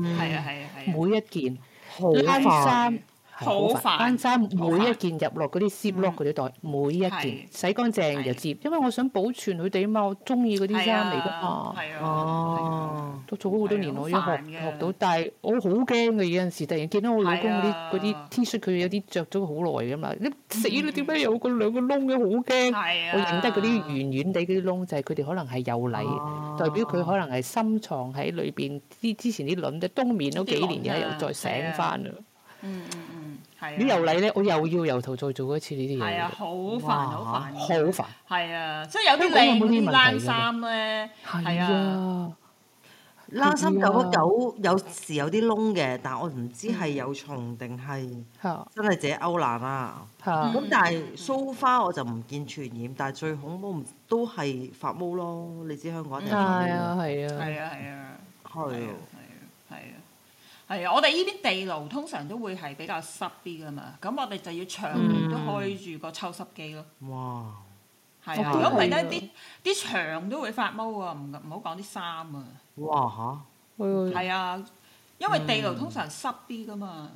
每一件好慳衫。好煩！啱衫每一件入落嗰啲摺褸嗰啲袋，每一件洗乾淨就接。因為我想保存佢哋啊嘛，我中意嗰啲衫嚟噶嘛。哦，都做咗好多年，我都要學到。但係我好驚嘅，有陣時突然見到我老公嗰啲啲 T 恤，佢有啲着咗好耐㗎嘛。你死啦，呢點解有個兩個窿嘅？好驚！我認得嗰啲圓圓地嗰啲窿就係佢哋可能係有泥，代表佢可能係深藏喺裏邊。之之前啲卵都冬眠咗幾年嘅，又再醒翻啦。啲郵嚟咧，L L 我又要由頭再做一次呢啲嘢，係啊，煩哇 好煩，好煩，好煩，係啊，即係有啲靚啲冷衫咧，係啊，冷衫久不久有時有啲窿嘅，但係我唔知係有蟲定係真係自己勾爛啊，咁、啊啊嗯、但係蘇花我就唔見傳染，但係最恐怖都係發毛咯。 UH! 你知香港一定係啊，係啊，係啊，係啊，係啊，係 啊。係啊，我哋呢邊地牢通常都會係比較濕啲噶嘛，咁我哋就要長年都開住個抽濕機咯。哇！係如果唔係咧，啲啲牆都會發毛啊，唔唔好講啲衫啊。哇吓！係啊，因為地牢通常濕啲噶嘛。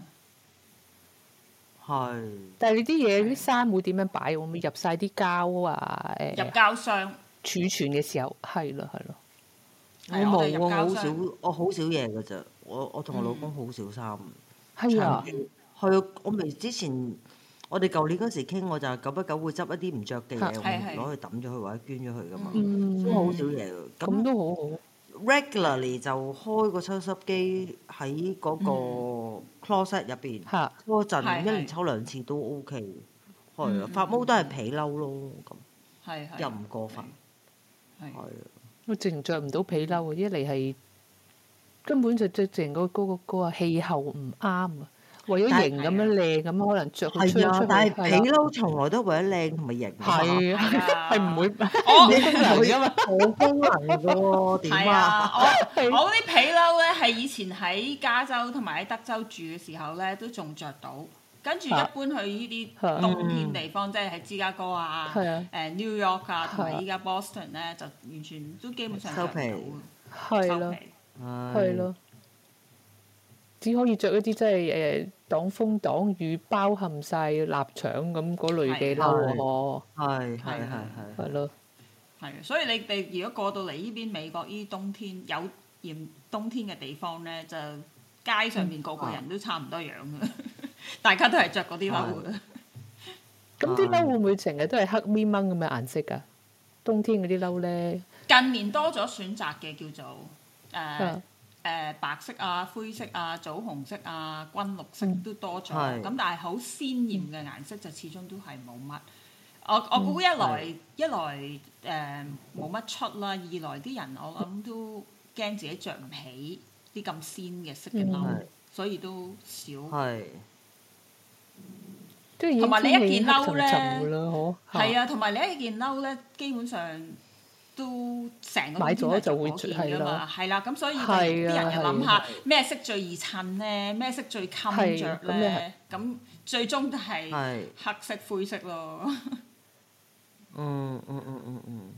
係。但係你啲嘢啲衫會點樣擺？會唔會入晒啲膠啊？誒，入膠箱儲存嘅時候，係咯係咯。我冇啊，我好少，我好少嘢噶咋。我我同我老公好小心，長期我咪之前，我哋舊年嗰時傾，我就久不久會執一啲唔著嘅嘢攞去抌咗佢或者捐咗佢噶嘛，都好少嘢。咁都好好。Regularly 就開個抽濕機喺嗰個 closet 入邊，嗰陣是是 一年抽兩次都 OK。係啊，發毛都係皮褸咯，咁又唔過分。係。我淨着唔到皮褸一嚟係。根本就即係成個嗰個個氣候唔啱啊！為咗型咁樣靚咁樣，可能着佢穿出嚟。但係皮褸從來都為咗靚同埋型，係係唔會。我功能噶嘛，好功能噶喎。啊，我我啲皮褸咧，係以前喺加州同埋喺德州住嘅時候咧，都仲着到。跟住一般去呢啲冬天地方，即係喺芝加哥啊，誒 New York 啊，同埋依家 Boston 咧，就完全都基本上收皮，係咯。係咯，只可以着一啲即係誒擋風擋雨，包含晒臘腸咁嗰類嘅褸咯。係係係係咯，係所以你哋如果過到嚟呢邊美國呢啲冬天有嚴冬天嘅地方咧，就街上面個個人都差唔多樣嘅，嗯、 大家都係着嗰啲褸。咁啲褸會唔會成日都係黑咪掹咁嘅顏色噶？冬天嗰啲褸咧，近年多咗選擇嘅叫做。誒誒，白色啊、灰色啊、棗紅色啊、軍綠色都多咗，咁但係好鮮艷嘅顏色就始終都係冇乜。我我估一來一來誒冇乜出啦，二來啲人我諗都驚自己着唔起啲咁鮮嘅色嘅褸，所以都少。係。同埋你一件褸咧，係啊，同埋你一件褸咧，基本上。都成個買咗就一件嘅嘛，係啦，咁所以啲人又諗下咩是的 色最易襯咧，咩色最襟著咧，咁最終都係黑色灰色咯。嗯嗯嗯嗯嗯。嗯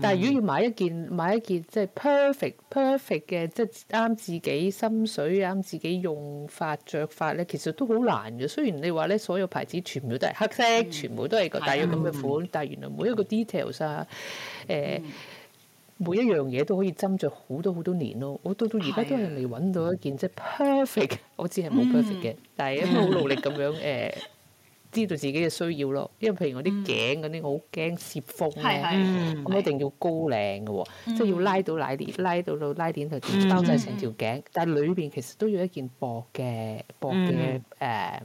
但係如果要買一件買一件即係 perfect perfect 嘅即係啱自己心水啱自己用法着法咧，其實都好難嘅。雖然你話咧所有牌子全部都係黑色，嗯、全部都係個大約咁嘅款，嗯、但係原來每一個 details 啊，誒、呃，嗯、每一樣嘢都可以斟酌好多好多年咯。我到到而家都係未揾到一件即係 perfect，我知係冇 perfect 嘅，嗯、但係因為好努力咁樣誒。呃嗯 知道自己嘅需要咯，因為譬如我啲頸嗰啲，我好驚攝風咧、啊，咁是、嗯、一定要高領嘅喎、啊，嗯、即係要拉到拉鏈，拉到到拉鏈度包曬成條頸，嗯、但係裏邊其實都要一件薄嘅薄嘅誒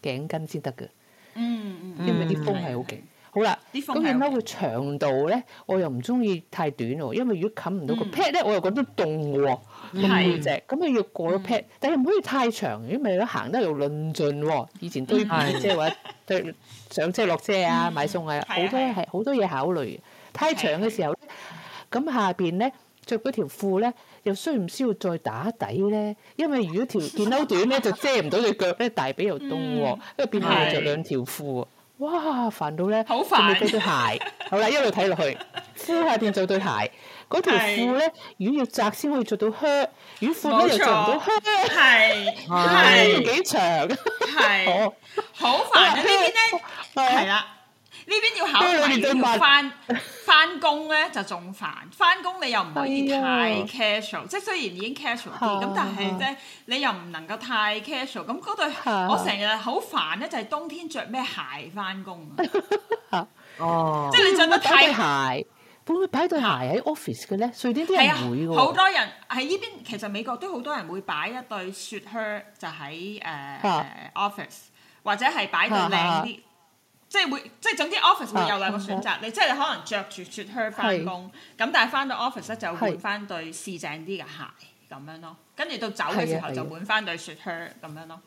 頸巾先得嘅，因為啲風係好勁。嗯、好啦，咁件褸嘅長度咧，我又唔中意太短喎、啊，因為如果冚唔到個 pat 咧、嗯，我又覺得凍喎、啊。咁每咁啊要過到 pat、嗯、但係唔可以太長，因為你行得又論盡喎。以前都要即係話上車落車啊，買餸啊，好、嗯、多係好的多嘢考慮。太長嘅時候咧，咁的下邊咧着嗰條褲咧，又需唔需要再打底咧？因為如果條件褸短咧，就遮唔到對腳咧，大髀又凍、啊，的嗯、因為變咗要著兩條褲。哇，煩到咧，做唔到對鞋，好啦，一路睇落去，褲下邊做對鞋，嗰條褲咧，如果要窄先可以着到靴，條褲都又着唔到靴，係係要幾長，係好，好煩、啊好啊、邊呢邊咧，係啦、哦。呢邊要考慮，要翻翻工咧就仲煩。翻工你又唔可以太 casual，即係雖然已經 casual 啲，咁但係即係你又唔能夠太 casual。咁嗰對我成日好煩咧，就係冬天着咩鞋翻工哦，即係你着得太鞋，會唔會擺對鞋喺 office 嘅咧？瑞典啲係啊，好多人喺呢邊，其實美國都好多人會擺一對雪靴就喺誒 office，或者係擺對靚啲。即係會，即係總之 office 咪有兩個選擇，啊嗯嗯、你即係可能著住雪靴翻工，咁是但係翻到 office 咧就換翻對試正啲嘅鞋咁樣咯，跟住到走嘅時候就換翻對雪靴咁樣咯。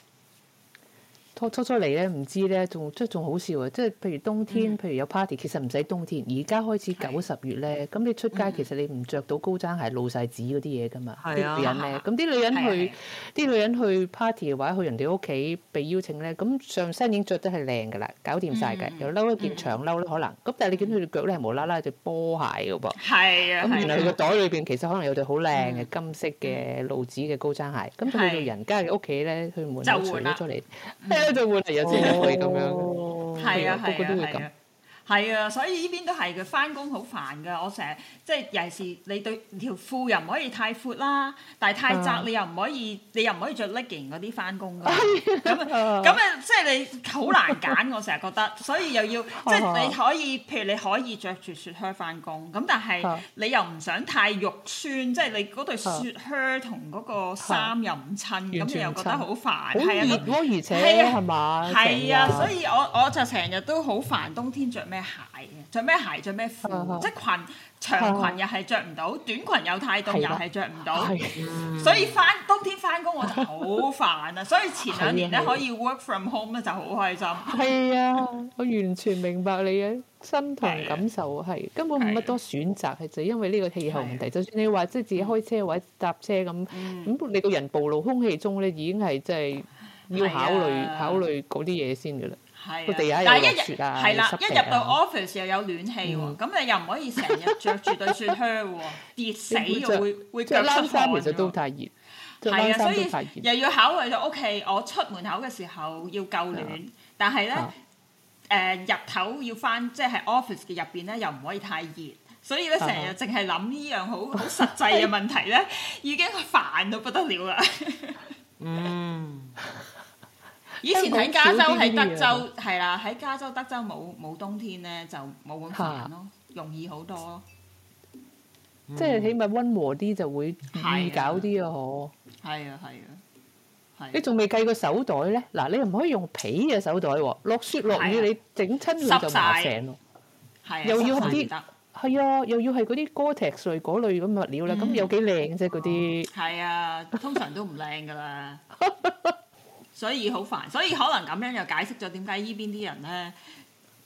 我初初嚟咧，唔知咧，仲即係仲好笑啊！即係譬如冬天，譬如有 party，其實唔使冬天。而家開始九十月咧，咁你出街其實你唔着到高踭鞋露晒趾嗰啲嘢噶嘛？啲女人咧，咁啲女人去，啲女人去 party 嘅話，去人哋屋企被邀請咧，咁上身已經着得係靚㗎啦，搞掂晒㗎，又嬲一件長褸咧可能。咁但係你見佢對腳咧係無啦啦對波鞋㗎噃。係啊。咁原來佢個袋裏邊其實可能有對好靚嘅金色嘅露趾嘅高踭鞋。咁就去到人家嘅屋企咧，佢門口除咗出嚟。就會係有啲咩味咁樣樣，係啊，個個都會咁。係啊，所以呢邊都係嘅，翻工好煩嘅。我成日即係尤其是你對條褲又唔可以太闊啦，但係太窄你又唔可以，你又唔可以着 legging 嗰啲翻工。咁咁啊，即係你好難揀。我成日覺得，所以又要即係你可以，譬如你可以着住雪靴翻工。咁但係你又唔想太肉酸，即係你嗰對雪靴同嗰個衫又唔襯，咁你又覺得好煩。好熱喎，而且係嘛？係啊，所以我我就成日都好煩冬天着。咩鞋？着咩鞋？着咩褲？即係，裙，長裙又係着唔到，短裙又太凍，又係着唔到。所以返冬天返工我就好煩啊！所以前兩年咧可以 work from home 咧就好開心。係啊，我完全明白你嘅身同感受，係根本冇乜多選擇，係就因為呢個氣候問題。就算你話即係自己開車或者搭車咁，咁你個人暴露空氣中咧，已經係即係要考慮考慮嗰啲嘢先噶啦。係啊，但係一日，係啦，一入到 office 又有暖氣喎，咁你又唔可以成日着住對雪靴喎，跌死又會會腳冷。出門都太熱，係啊，所以又要考慮到屋企，我出門口嘅時候要夠暖，但係咧，誒入頭要返即係 office 嘅入邊咧，又唔可以太熱，所以咧成日淨係諗呢樣好好實際嘅問題咧，已經煩到不得了啦。嗯。以前喺加州喺德州係啦，喺加州德州冇冇冬天咧，就冇咁煩咯，容易好多咯。即係起碼溫和啲就會易搞啲啊！嗬，係啊係啊，係。你仲未計個手袋咧？嗱，你又唔可以用皮嘅手袋喎，落雪落雨你整親佢就麻成咯。係又要啲係啊，又要係嗰啲 Gore-Tex 嗰類咁物料咧，咁有幾靚啫？嗰啲係啊，通常都唔靚噶啦。所以好煩，所以可能咁樣又解釋咗點解依邊啲人咧，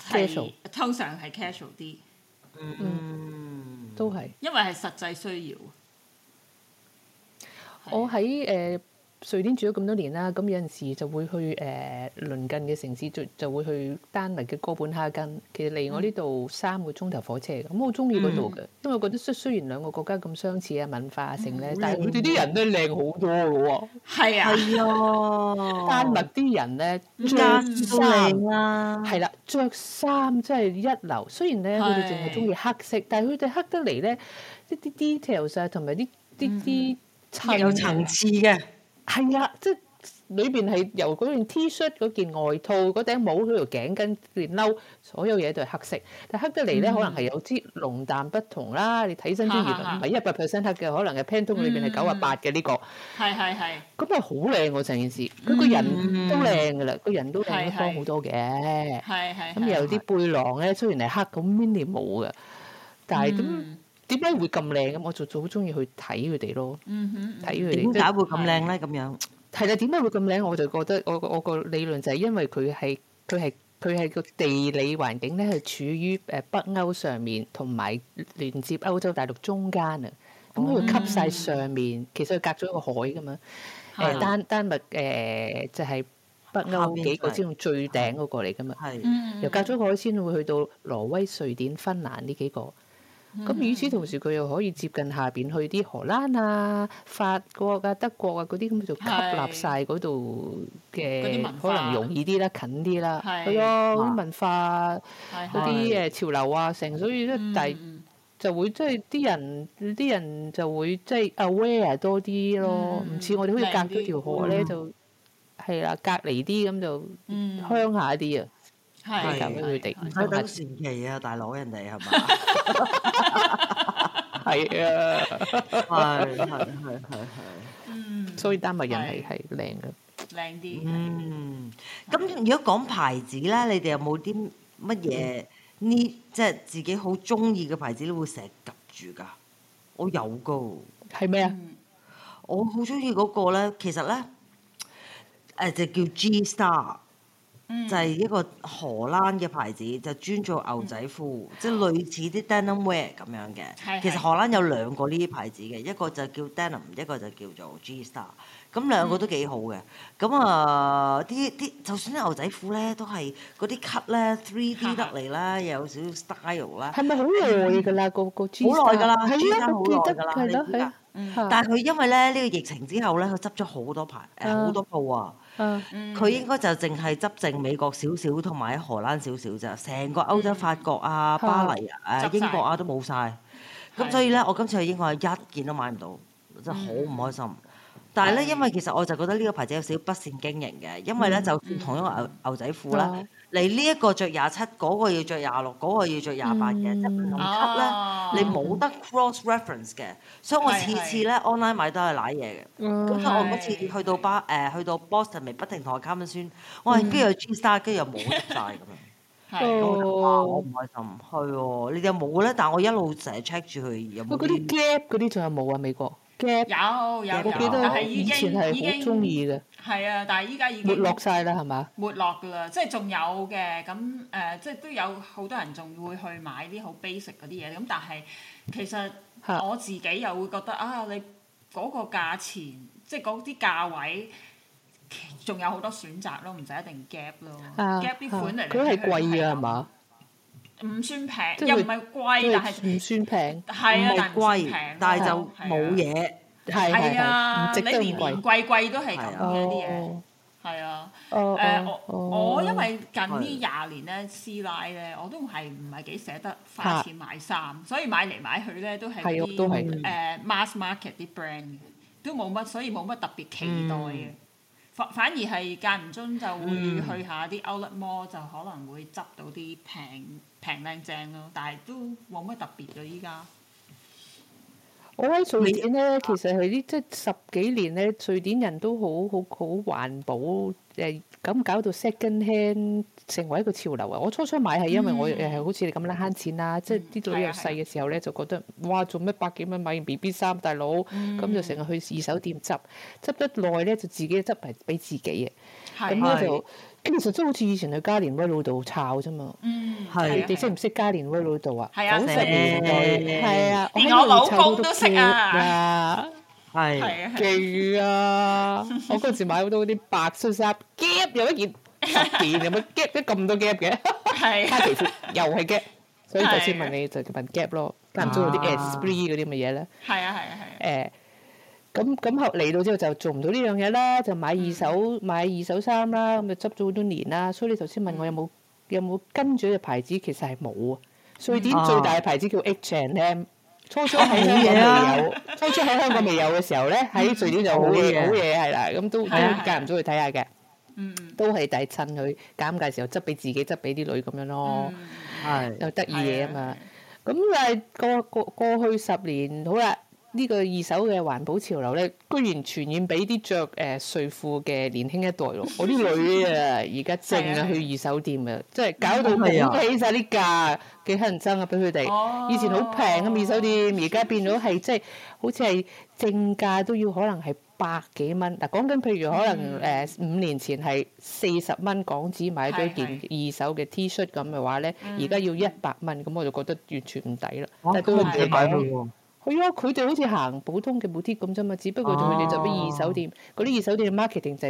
係通常係 casual 啲，嗯，都係，因為係實際需要。我喺誒。呃瑞典住咗咁多年啦，咁有陣時就會去誒、呃、鄰近嘅城市，就就會去丹麥嘅哥本哈根。其實離我呢度三個鐘頭火車咁、嗯、我中意嗰度嘅，因為我覺得雖雖然兩個國家咁相似啊，文化性咧，但係佢哋啲人咧靚好多嘅喎。係啊，係、嗯、啊，啊 丹麥啲人咧著衫係啦，着衫真係一流。雖然咧佢哋淨係中意黑色，但係佢哋黑得嚟咧一啲 detail 同埋啲啲啲層有層次嘅。係啊，即係裏邊係由嗰件 T 恤、嗰件外套、嗰頂帽、嗰條頸巾、件褸，所有嘢都係黑色。但係黑得嚟咧，可能係有啲濃淡不同啦。你睇起身啲顏色唔係一百 percent 黑嘅，可能係 Pantone 裏邊係九十八嘅呢個。係係係。咁係好靚，我成件事佢個人都靚噶啦，個人都靚得方好多嘅。係係。咁有啲背囊咧，雖然係黑，咁 mini 冇嘅，但係咁。點解會咁靚咁？我就好中意去睇佢哋咯。嗯哼，睇佢哋點解會咁靚咧？咁樣係啦。點解會咁靚？我就覺得我我個理論就係因為佢係佢係佢係個地理環境咧，係處於誒北歐上面，同埋連接歐洲大陸中間啊。咁佢、嗯、吸晒上面，嗯、其實佢隔咗一個海噶嘛。誒丹的、呃、丹麥誒、呃、就係、是、北歐幾個之中最頂嗰個嚟噶嘛。係，又、嗯、隔咗個海先會去到挪威、瑞典、芬蘭呢幾個。咁與此同時，佢又可以接近下邊，去啲荷蘭啊、法國啊、德國啊嗰啲咁，就吸納晒嗰度嘅可能容易啲啦，近啲啦，係咯啲文化、啊，嗰啲誒潮流啊成，所以咧第是就會即係啲人啲人就會即係 aware 多啲咯，唔似是我哋好似隔咗條河咧的就係啦，隔離啲咁就鄉下啲啊。係咁佢哋唔係好神奇啊，大佬人哋係嘛？係 是啊，係係係係係。嗯 ，所以丹麥人係係對靚嘅，靚啲。嗯，咁如果講牌子咧，你哋有冇啲乜嘢呢？即係自己好中意嘅牌子，都會成日夾住㗎。我有嘅，係咩啊？我好中意嗰個咧，其實咧，誒、呃、就叫，叫 G, G Star。就係一個荷蘭嘅牌子，就專做牛仔褲，即係類似啲 Denim Wear 咁樣嘅。其實荷蘭有兩個呢啲牌子嘅，一個就叫 Denim，一個就叫做 G Star。咁兩個都幾好嘅。咁啊，啲啲就算啲牛仔褲咧，都係嗰啲 cut 咧 three D 得嚟啦，又有少少 style 啦。係咪好耐㗎啦？個好耐㗎啦，G Star 好耐㗎啦。但係佢因為咧呢個疫情之後咧，佢執咗好多牌，誒好多鋪啊。佢、uh, 嗯、應該就淨係執政美國少少，同埋喺荷蘭少少啫。成個歐洲、嗯、法國啊、巴黎啊、嗯、英國啊都冇晒。咁所以咧，是我今次去英國，一件都買唔到，真係好唔開心。但係咧，是因為其實我就覺得呢個牌子有少少不善經營嘅，因為咧、嗯、就同一個牛牛仔褲啦。嗯你呢一個着廿七，嗰個要着廿六，嗰個要着廿八嘅，嗯、即唔同級咧，啊、你冇得 cross reference 嘅，的所以我次次咧 online 買都係賴嘢嘅。咁、嗯、我嗰次去到巴誒的去到 Boston 咪不停同我講緊 Carmen，我話跟住去 G Star，跟住又冇晒。咁樣 的，哇、哦！我唔係就唔去喎，你哋有冇咧？但係我一路成日 check 住佢有冇。嗰啲 Gap 嗰啲仲有冇啊？美國？有有 G 有，有但係已經已經中意嘅，係啊！但係依家已經沒落晒啦，係嘛？沒落噶啦，即係仲有嘅咁誒，即係、呃即係、都有好多人仲會去買啲好 basic 嗰啲嘢咁，但係其實我自己又會覺得 啊，你嗰個價錢即係嗰啲價位，仲有好多選擇咯，唔使一定 gap 咯 ，gap 啲款嚟嚟去去係貴啊係嘛？唔算平，又唔係貴，但係唔算平，係啊，唔係貴，但係就冇嘢，係啊，你年年貴貴都係咁嘅啲嘢，係啊，誒我我因為近呢廿年咧，師奶咧我都係唔係幾捨得花錢買衫，所以買嚟買去咧都係誒 mass market 啲 brand，都冇乜，所以冇乜特別期待嘅，反反而係間唔中就會去下啲 outlet mall，就可能會執到啲平。平靚正咯，但係都冇乜特別嘅依家。我喺瑞典咧，啊、其實係啲即係十幾年咧，瑞典人都好好好環保誒，咁、嗯、搞到 second hand 成為一個潮流啊！我初初買係因為我誒係、嗯、好似你咁啦慳錢啦，即係啲女又細嘅時候咧，嗯啊啊、就覺得哇做咩百幾蚊買完 B B 衫大佬，咁、嗯、就成日去二手店執，執得耐咧就自己執嚟俾自己嘅，咁咧就。咁其實真好似以前去嘉連威老道抄啫嘛，你識唔識嘉連威老道啊？九十年代，係啊，連我老公都識啊，係，勁啊！我嗰時買好多嗰啲白恤衫，gap 有一件，十件有冇 gap？點解咁多 gap 嘅？係，黑皮褲又係 gap，所以就先問你就問 gap 咯，間唔中做啲 Esprit 嗰啲咁嘅嘢咧。係啊，係啊，係。誒。咁咁後嚟到之後就做唔到呢樣嘢啦，就買二手買二手衫啦，咁就執咗好多年啦。所以你頭先問我有冇有冇跟住嘅牌子，其實係冇啊。瑞典最大嘅牌子叫 H and M，初初喺香港未有，初初喺香港未有嘅時候咧，喺瑞典就好好嘢係啦，咁都都間唔中去睇下嘅。嗯，都係趁佢減價時候執俾自己，執俾啲女咁樣咯，係又得意嘢啊嘛。咁但係過過過去十年好啦。呢個二手嘅環保潮流咧，居然傳染俾啲着誒睡褲嘅年輕一代咯。 我啲女啊，而家淨係去二手店啊，即係搞到飈起晒啲價，幾乞人、啊、憎啊！俾佢哋以前好平嘅二手店，而家、哦、變咗係即係好似係正價都要可能係百幾蚊。嗱、啊，講緊譬如可能誒五、啊呃、年前係四十蚊港紙買咗件二手嘅 T 恤 h 咁嘅話咧，而家、啊嗯、要一百蚊，咁我就覺得完全唔抵啦。但都唔捨我依家佢哋好似行普通嘅補貼咁啫嘛，只不過佢哋就啲二手店，嗰啲、oh. 二手店嘅 marketing 就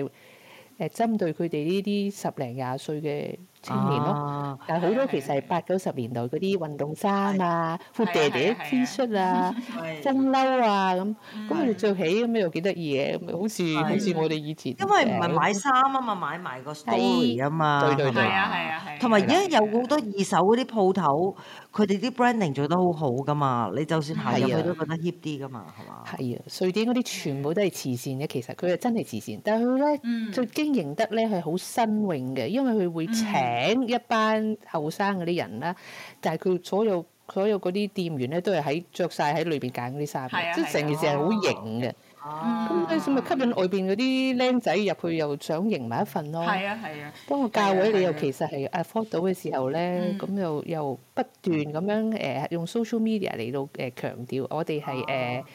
誒針對佢哋呢啲十零廿歲嘅。青年咯，但係好多其實係八九十年代嗰啲運動衫啊、褲爹爹 T 恤啊、真褸啊咁，咁佢哋着起咁樣又幾得意嘅，好似好似我哋以前。因為唔係買衫啊嘛，買埋個 story 啊嘛，係啊，係啊，同埋而家有好多二手嗰啲鋪頭，佢哋啲 branding 做得好好噶嘛，你就算行入去都覺得 hip 啲噶嘛，係嘛？係啊，瑞典嗰啲全部都係慈善嘅，其實佢係真係慈善，但係佢咧就經營得咧係好新穎嘅，因為佢會請一班後生嗰啲人啦，但係佢所有所有嗰啲店員咧都係喺著晒喺裏邊揀嗰啲衫，即係成件事係好型嘅。咁所以咪吸引外邊嗰啲僆仔入去又想型埋一份咯。係啊係啊，不過價位你又其實係 afford 到嘅時候咧，咁又又不斷咁樣誒用 social media 嚟到誒強調我哋係誒誒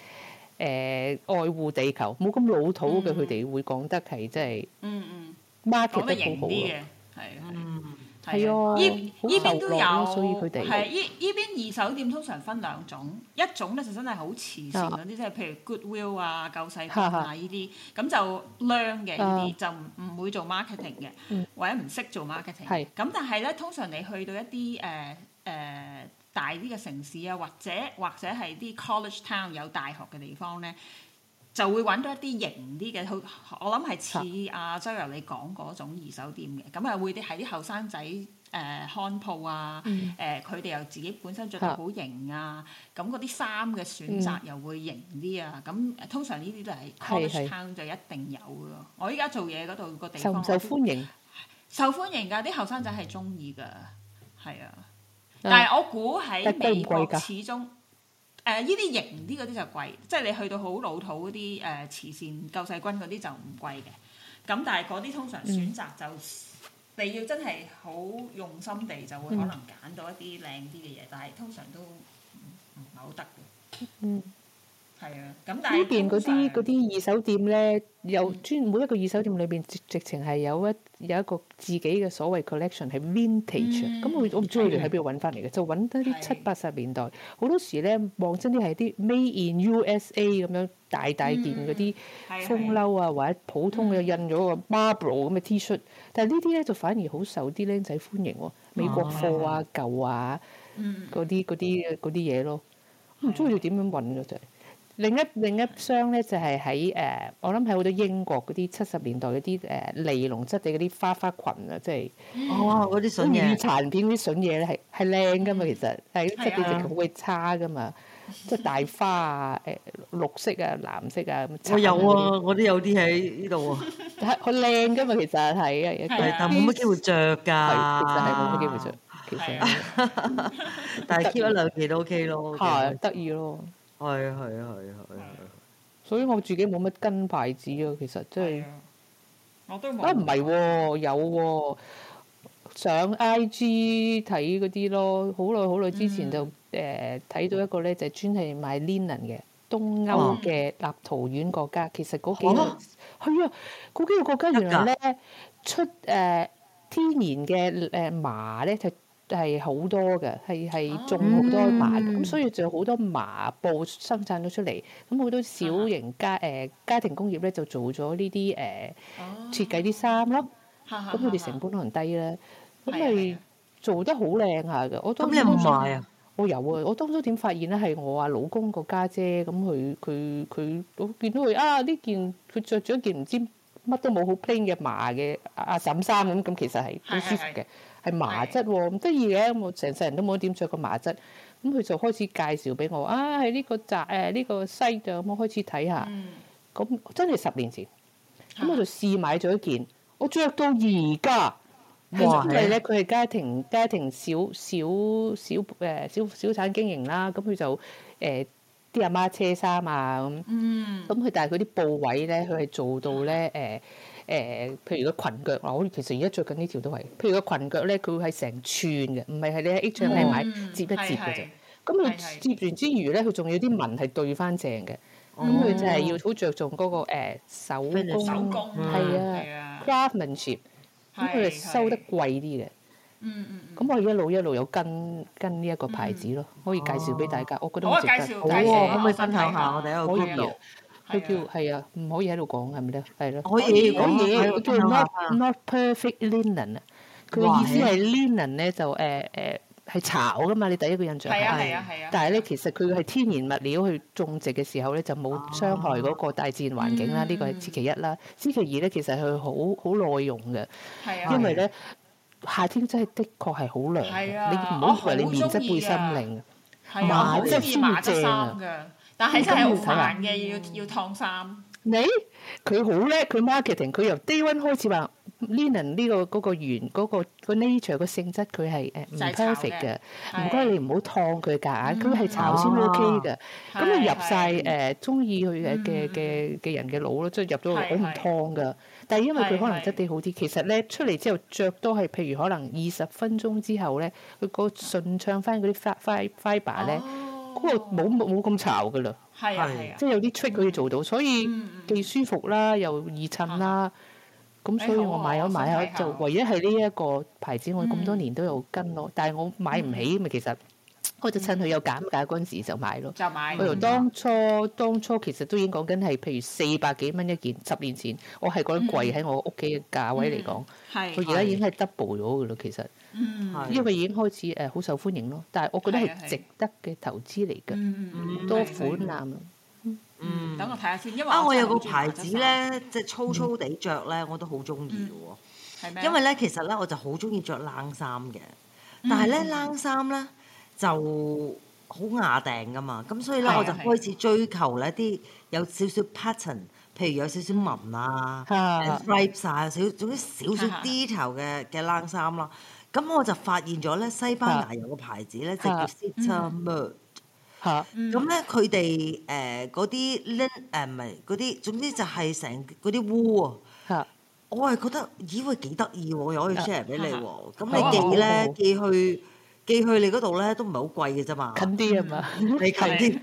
愛護地球，冇咁老土嘅佢哋會講得係即係嗯嗯 market 得好好嘅。嗯，係啊的，依依邊都有，係依依邊二手店通常分兩種，一種咧就真係好慈善嗰啲，即係、啊、譬如 Goodwill 啊、救世軍啊呢啲，咁、啊、就孏嘅呢啲，啊、就唔會做 marketing 嘅，嗯、或者唔識做 marketing、嗯。係，咁但係咧，通常你去到一啲誒誒大啲嘅城市啊，或者或者係啲 college town 有大學嘅地方咧。就會揾到一啲型啲嘅，佢我諗係似阿周游你講嗰種二手店嘅，咁啊會啲喺啲後生仔誒看鋪啊，誒佢哋又自己本身着得好型啊，咁嗰啲衫嘅選擇又會型啲啊，咁、嗯、通常呢啲都係就、嗯、一定有咯。我依家做嘢嗰度個地方受唔受歡迎？受歡迎㗎，啲後生仔係中意㗎，係啊。嗯、但係我估喺美國始終。誒呢啲型啲嗰啲就貴，即係你去到好老土嗰啲誒慈善救世軍嗰啲就唔貴嘅，咁但係嗰啲通常選擇就、嗯、你要真係好用心地就會可能揀到一啲靚啲嘅嘢，但係通常都唔係好得嘅。嗯呢邊嗰啲嗰啲二手店咧，有專每一個二手店裏邊直情係有一有一個自己嘅所謂 collection 係 vintage，咁我我唔知佢哋喺邊度揾翻嚟嘅，就揾得啲七八十年代，好多時咧望真啲係啲 made in USA 咁樣大大件嗰啲風褸啊，或者普通嘅印咗個 marble 咁嘅 T 恤，但係呢啲咧就反而好受啲僆仔歡迎喎，美國貨啊舊啊，嗰啲嗰啲嗰啲嘢咯，唔知佢哋點樣揾嘅另一另一箱咧就係喺誒，我諗係好多英國嗰啲七十年代嗰啲誒尼龍質地嗰啲花花裙啊，即係哦啲筍嘢，雨殘片嗰啲筍嘢咧係係靚噶嘛，其實係質地好鬼差噶嘛，即係大花啊誒綠色啊藍色啊咁。我有啊，我都有啲喺呢度啊，好靚噶嘛，其實係，但係冇乜機會著㗎，係冇乜機會着。其實，但係 keep 一兩期都 OK 咯，得意咯。係啊係啊係啊係啊係！所以我自己冇乜跟牌子啊，其實真、就、係、是、我都冇。啊唔係喎，有喎、啊，上 IG 睇嗰啲咯。好耐好耐之前就誒睇、嗯呃、到一個咧，就是、專係買 linen 嘅東歐嘅立陶宛國家。啊、其實嗰幾個係啊，嗰幾個國家原來咧的出誒、呃、天然嘅誒麻咧就～、呃係好多嘅，係係種好多麻，咁所以就有好多麻布生產咗出嚟，咁好多小型家誒家庭工業咧就做咗呢啲誒設計啲衫咯，咁佢哋成本可能低咧，咁咪做得好靚下嘅。咁你有冇買啊？我有啊！我當初點發現咧，係我啊老公個家姐，咁佢佢佢我見到佢啊呢件佢著咗件唔知乜都冇好 plain 嘅麻嘅阿嬸衫咁，咁其實係好舒服嘅。係麻質喎、啊，唔得意嘅，我成世人都冇一點著過麻質，咁、嗯、佢就開始介紹俾我啊，喺呢個窄誒呢個西度、啊嗯，我開始睇下，咁、嗯、真係十年前，咁我就試買咗一件，啊、我着到而家，因為咧佢係家庭家庭小小小誒小小，小，小，小產經營啦，咁佢就誒啲阿媽，媽車衫啊咁，咁佢、嗯、但係佢啲部位咧，佢係做到咧誒。呃嗯誒，譬如個裙腳，我其實而家着緊呢條都係，譬如個裙腳咧，佢會係成串嘅，唔係係你喺 H&M 買接一接嘅啫。咁佢接完之餘咧，佢仲要啲紋係對翻正嘅，咁佢就係要好著重嗰個誒手工，係啊，craftsmanship。咁佢係收得貴啲嘅，嗯嗯嗯。咁我一路一路有跟跟呢一個牌子咯，可以介紹俾大家。我覺得好值得介紹啊，可唔可以分享下我哋喺度交流？佢叫係啊，唔可以喺度講啊，係咪？得，係咯。可以可以叫 not perfect linen 啊。佢嘅意思係 linen 咧就誒誒係草噶嘛，你第一個印象，係啊係啊，但係咧其實佢係天然物料，去種植嘅時候咧就冇傷害嗰個大自然環境啦。呢個係之其一啦，之其二咧，其實佢好好耐用嘅，因為咧夏天真係的確係好涼嘅。你唔好以為你棉質背心領，馬即係穿馬但係真係煩嘅，要要燙衫。你佢好叻，佢 marketing，佢由低溫開始話 linen 呢個嗰個原嗰個個 nature 個性質，佢係誒唔 perfect 嘅。唔該，你唔好燙佢㗎，佢係炒先 OK 嘅。咁你入晒誒中意佢嘅嘅嘅人嘅腦咯，即係入咗好唔燙㗎。但係因為佢可能質地好啲，其實咧出嚟之後着都係，譬如可能二十分鐘之後咧，佢個順暢翻嗰啲 fib fibre 咧。嗰個冇冇咁潮嘅啦，係即係有啲 trick 可以做到，所以既舒服啦，嗯、又易襯啦，咁、啊、所以我買咗、哎、買啊，就唯一係呢一個牌子，嗯、我咁多年都有跟咯，但係我買唔起咪、嗯、其實，嗰陣趁佢有減價嗰陣時就買咯，就買。我由當初當初其實都已經講緊係，譬如四百幾蚊一件，十年前我係覺得貴，喺我屋企嘅價位嚟講，佢而家已經係 double 咗嘅咯，其實。嗯，因為已經開始誒好受歡迎咯，但係我覺得係值得嘅投資嚟嘅，好多款啊！嗯，等我睇下先。因為啊，我有個牌子咧，即係粗粗地着咧，我都好中意嘅喎。係咩？因為咧，其實咧，我就好中意着冷衫嘅，但係咧冷衫咧就好雅定嘅嘛。咁所以咧，我就開始追求咧啲有少少 pattern，譬如有少少紋啊、stripe 啊、少總之少少 detail 嘅嘅冷衫咯。咁我就發現咗咧，西班牙有個牌子咧，就叫 Sitza Mud。嚇！ 咁咧佢哋誒嗰啲拎誒咪嗰啲，總之就係成嗰啲污啊！我係覺得咦，會幾得意喎，又可以 share 俾你喎。咁 你寄咧 寄去寄去你嗰度咧都唔係好貴嘅啫嘛，近啲啊嘛， 你近啲。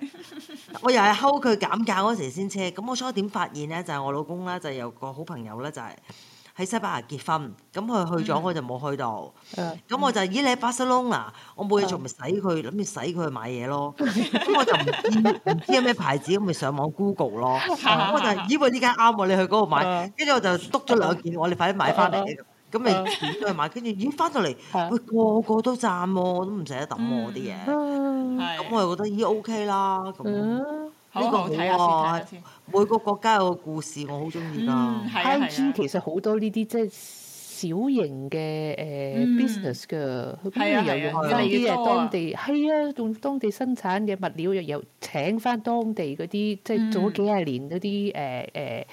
我又係睺佢減價嗰時先車，咁我初點發現咧就係、係、我老公咧就係、有個好朋友咧就係、係就係。就係喺西班牙結婚，咁佢去咗我就冇去到，咁我就咦你喺巴塞隆納，我冇嘢做咪使佢，諗住使佢去買嘢咯，咁我就唔知唔知有咩牌子，咁咪上網 Google 咯，咁我就咦喂呢間啱喎，你去嗰度買，跟住我就篤咗兩件，我哋快啲買翻嚟，咁咪全部買，跟住咦翻到嚟，喂個個都讚喎，我都唔捨得抌喎啲嘢，咁我又覺得咦 OK 啦，咁呢個好啊。每個國家有個故事，我好中意啦。IG 其實好多呢啲即係小型嘅誒 business 㗎，去邊度有用翻啲啊當地係啊，用當地生產嘅物料，又又請翻當地嗰啲即係做咗幾廿年嗰啲誒誒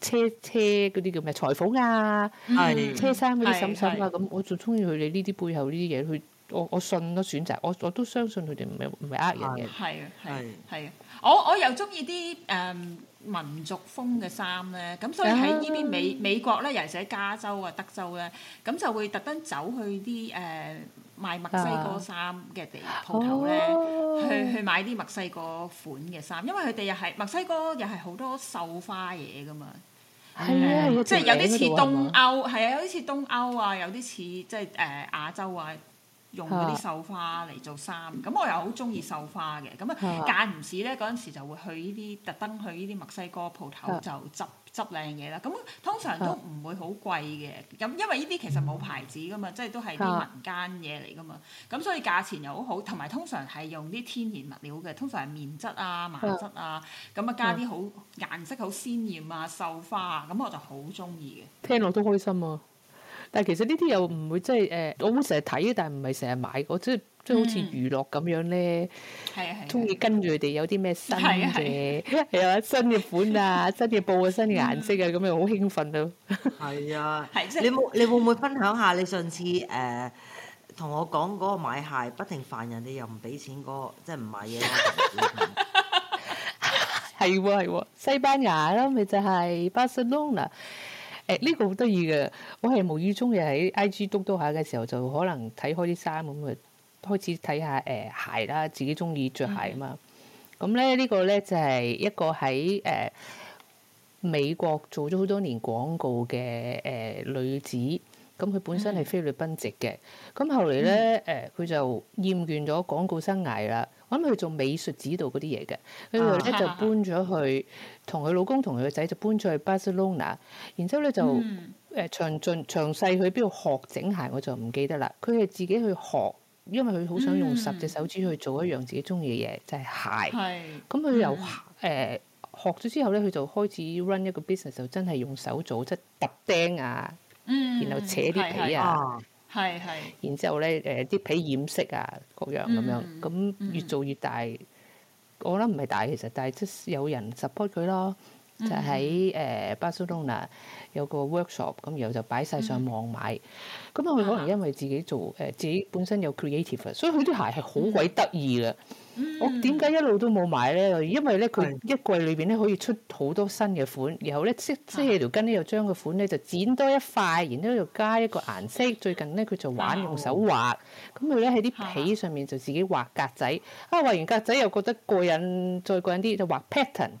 車車嗰啲叫咩裁縫啊，車衫嗰啲嬸嬸啊，咁我仲中意佢哋呢啲背後呢啲嘢，佢我我信個選擇，我我都相信佢哋唔係唔係呃人嘅，係啊係係啊，我我又中意啲誒。民族風嘅衫咧，咁所以喺呢邊美、啊、美國咧，尤其是喺加州啊、德州咧，咁就會特登走去啲誒、呃、賣墨西哥衫嘅地鋪頭咧，去去買啲墨西哥款嘅衫，因為佢哋又係墨西哥又係好多繡花嘢噶嘛，係啊，嗯、即係有啲似東歐，係啊，啊，有啲似東歐啊，有啲似即係誒亞洲啊。用嗰啲繡花嚟做衫，咁我又好中意繡花嘅，咁啊間唔時咧嗰陣時就會去呢啲特登去呢啲墨西哥鋪頭就執執靚嘢啦，咁通常都唔會好貴嘅，咁因為呢啲其實冇牌子噶嘛，即係都係啲民間嘢嚟噶嘛，咁所以價錢又好好，同埋通常係用啲天然物料嘅，通常係棉質啊、麻質啊，咁啊加啲好顏色好鮮豔啊、繡花啊，咁我就好中意嘅。聽落都開心啊！但其實呢啲又唔會即係誒，我好成日睇，但係唔係成日買，我即係即係好似娛樂咁樣咧，中意跟住佢哋有啲咩新嘅，係啊，新嘅款啊，新嘅布啊，新嘅顏色啊，咁樣好興奮咯。係啊，你你會唔會分享下你上次誒同我講嗰個買鞋不停煩人，你又唔俾錢嗰個，即係唔買嘢咯？係西班牙咯，咪就係巴塞隆納。誒呢個好得意嘅，我係無意中又喺 IG 篤篤下嘅時候，就可能睇開啲衫咁啊，開始睇下誒、呃、鞋啦，自己中意着鞋啊嘛。咁咧、嗯嗯這個、呢個咧就係、是、一個喺誒、呃、美國做咗好多年廣告嘅誒、呃、女子，咁、嗯、佢本身係菲律賓籍嘅，咁、嗯、後嚟咧誒佢就厭倦咗廣告生涯啦。咁佢、嗯、做美術指導嗰啲嘢嘅，佢哋咧就搬咗去同佢老公同佢個仔就搬咗去巴塞隆納，然之後咧就誒詳盡詳細去邊度學整鞋，我就唔記得啦。佢係自己去學，因為佢好想用十隻手指去做一樣自己中意嘅嘢，就係、是、鞋。咁佢、嗯嗯、又誒、呃、學咗之後咧，佢就開始 run 一個 business 就真係用手做，即係揼釘啊，嗯、然後扯啲皮啊。嗯嗯嗯係係，然之後咧誒啲皮染色啊，各樣咁樣，咁、嗯、越做越大。嗯、我覺得唔係大其實，但係即有人 support 佢咯，嗯、就喺誒、呃、巴塞隆納有個 workshop，咁然後就擺晒上網買。咁佢、嗯、可能因為自己做誒、啊呃、自己本身有 creative，所以佢啲鞋係好鬼得意㗎。嗯嗯我點解一路都冇買咧？因為咧佢一季裏邊咧可以出好多新嘅款，的然後咧即即係條筋咧又將個款咧就剪多一塊，然後又加一個顏色。最近咧佢就玩用手畫，咁佢咧喺啲皮上面就自己畫格仔。啊，畫完格仔又覺得過癮，再過癮啲就畫 pattern。嗯、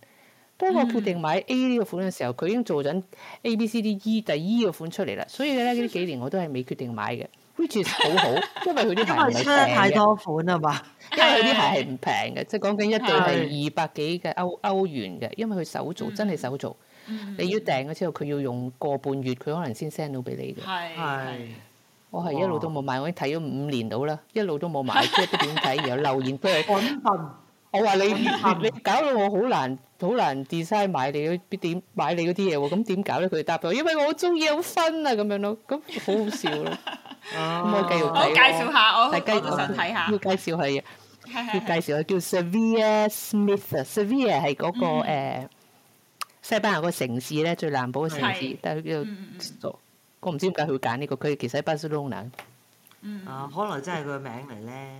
當我決定買 A 呢個款嘅時候，佢已經做緊 A、B、C、D、E 第 E 個款出嚟啦。所以咧呢幾年我都係未決定買嘅。which 其實好好，因為佢啲鞋唔係平嘅。因為出太多款啊嘛，因為佢啲鞋係唔平嘅，即係講緊一對係二百幾嘅歐歐元嘅，因為佢手做，真係手做。嗯。你要訂咗之後，佢要用個半月，佢可能先 send 到俾你嘅。係。係。我係一路都冇買，我已經睇咗五年到啦，一路都冇買，即係都點睇，然後留言俾我。滾笨！我話你你搞到我好難好難 design 買你嗰啲點買你嗰啲嘢喎，咁點搞咧？佢哋答我，因為我好中意好 fun 啊，咁樣咯，咁好好笑咯。咁我繼續睇，我介紹下我，我都想睇下。要介紹佢，要介紹佢叫 Sevilla Smith，Sevilla 係嗰個誒西班牙個城市咧，最南部嘅城市，但係佢叫，我唔知點解佢揀呢個區，其實喺巴塞隆拿。啊，可能真係佢個名嚟咧。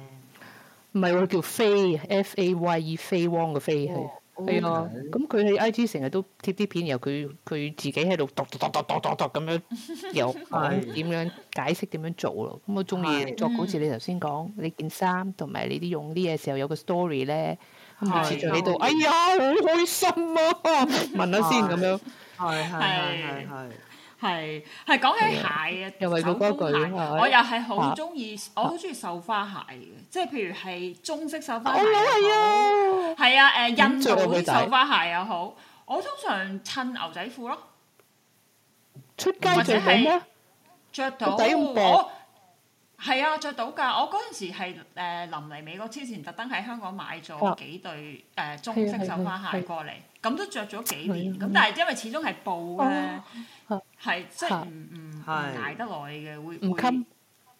唔係喎，叫 Fay，F A YE 飛汪嘅飛係。係啊，咁佢喺 IG 成日都貼啲片，然後佢佢自己喺度噹噹噹噹噹噹咁樣又點 的樣解釋點樣做咯？咁我中意的作好似你頭先講，你件衫同埋你啲用啲嘢時候有個 story 咧，咁每次喺度哎呀好開心啊！問 下先咁 樣，係係係係。係係，講起鞋又係手工鞋。我又係好中意，我好中意繡花鞋嘅，即係譬如係中式繡花鞋又好，係啊，誒印度嘅繡花鞋又好，我通常襯牛仔褲咯，出街或者咩？着到我係啊，着到㗎！我嗰陣時係誒臨嚟美國之前，特登喺香港買咗幾對誒中式繡花鞋過嚟。咁都着咗幾年，咁但係因為始終係布咧，係即係唔嗯捱得耐嘅會唔襟？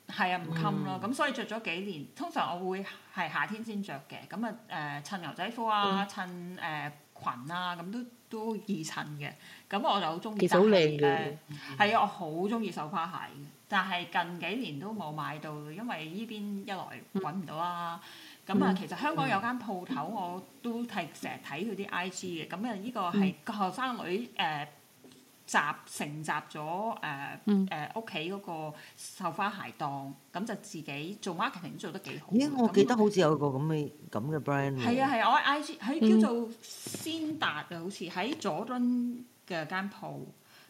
係啊，唔襟咯，咁所以着咗幾年。通常我會係夏天先着嘅，咁啊誒襯牛仔褲啊，襯誒裙啊，咁都都易襯嘅。咁我就好中意。幾好靚嘅，係我好中意繡花鞋，但係近幾年都冇買到，因為呢邊一來揾唔到啦。咁啊，嗯、其實香港有間鋪頭，嗯、我都係成日睇佢啲 I G 嘅。咁啊，呢個係個後生女誒集承襲咗誒誒屋企嗰個繡花鞋檔，咁就自己做 marketing 做得幾好。咦、欸，我記得好似有個咁嘅咁嘅 brand 那。係那啊係、啊，我 I G 係叫做仙達啊，嗯、好似喺佐敦嘅間鋪。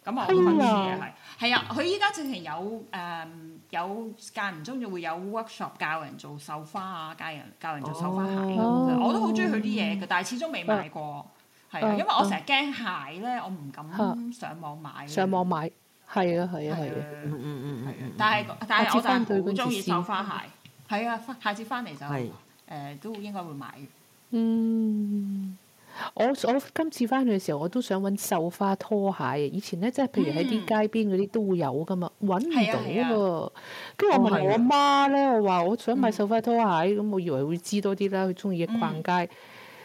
咁我好分嘅係，係啊，佢依家直情有誒有間唔中就會有 workshop 教人做繡花啊，教人教人做繡花鞋，我都好中意佢啲嘢嘅，但係始終未買過，係啊，因為我成日驚鞋咧，我唔敢上網買。上網買，係啊，係啊，係啊，嗯嗯嗯嗯。但係但係我就好中意繡花鞋，係啊，下次翻嚟就誒都應該會買。嗯。我我今次翻去嘅時候，我都想揾繡花拖鞋。以前咧，即係譬如喺啲街邊嗰啲都會有噶嘛，揾唔到喎。跟住我問我媽咧，我話我想買繡花拖鞋，咁我以為會知多啲啦。佢中意逛街，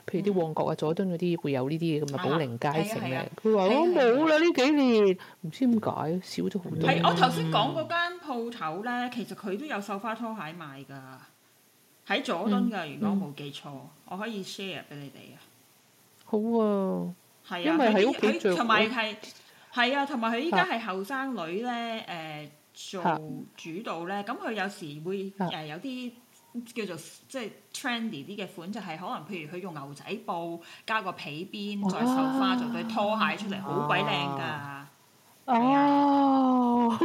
譬如啲旺角啊、佐敦嗰啲會有呢啲嘢，咁啊。寶靈街城咧，佢話我冇啦。呢幾年唔知點解少咗好多。係我頭先講嗰間鋪頭咧，其實佢都有繡花拖鞋賣㗎，喺佐敦㗎。如果我冇記錯，我可以 share 俾你哋啊。好啊，因為喺屋企，同埋係係啊，同埋佢依家係後生女咧，誒做主導咧，咁佢有時會誒有啲叫做即係 trendy 啲嘅款，就係可能譬如佢用牛仔布加個皮邊，再繡花做對拖鞋出嚟，好鬼靚噶，係啊，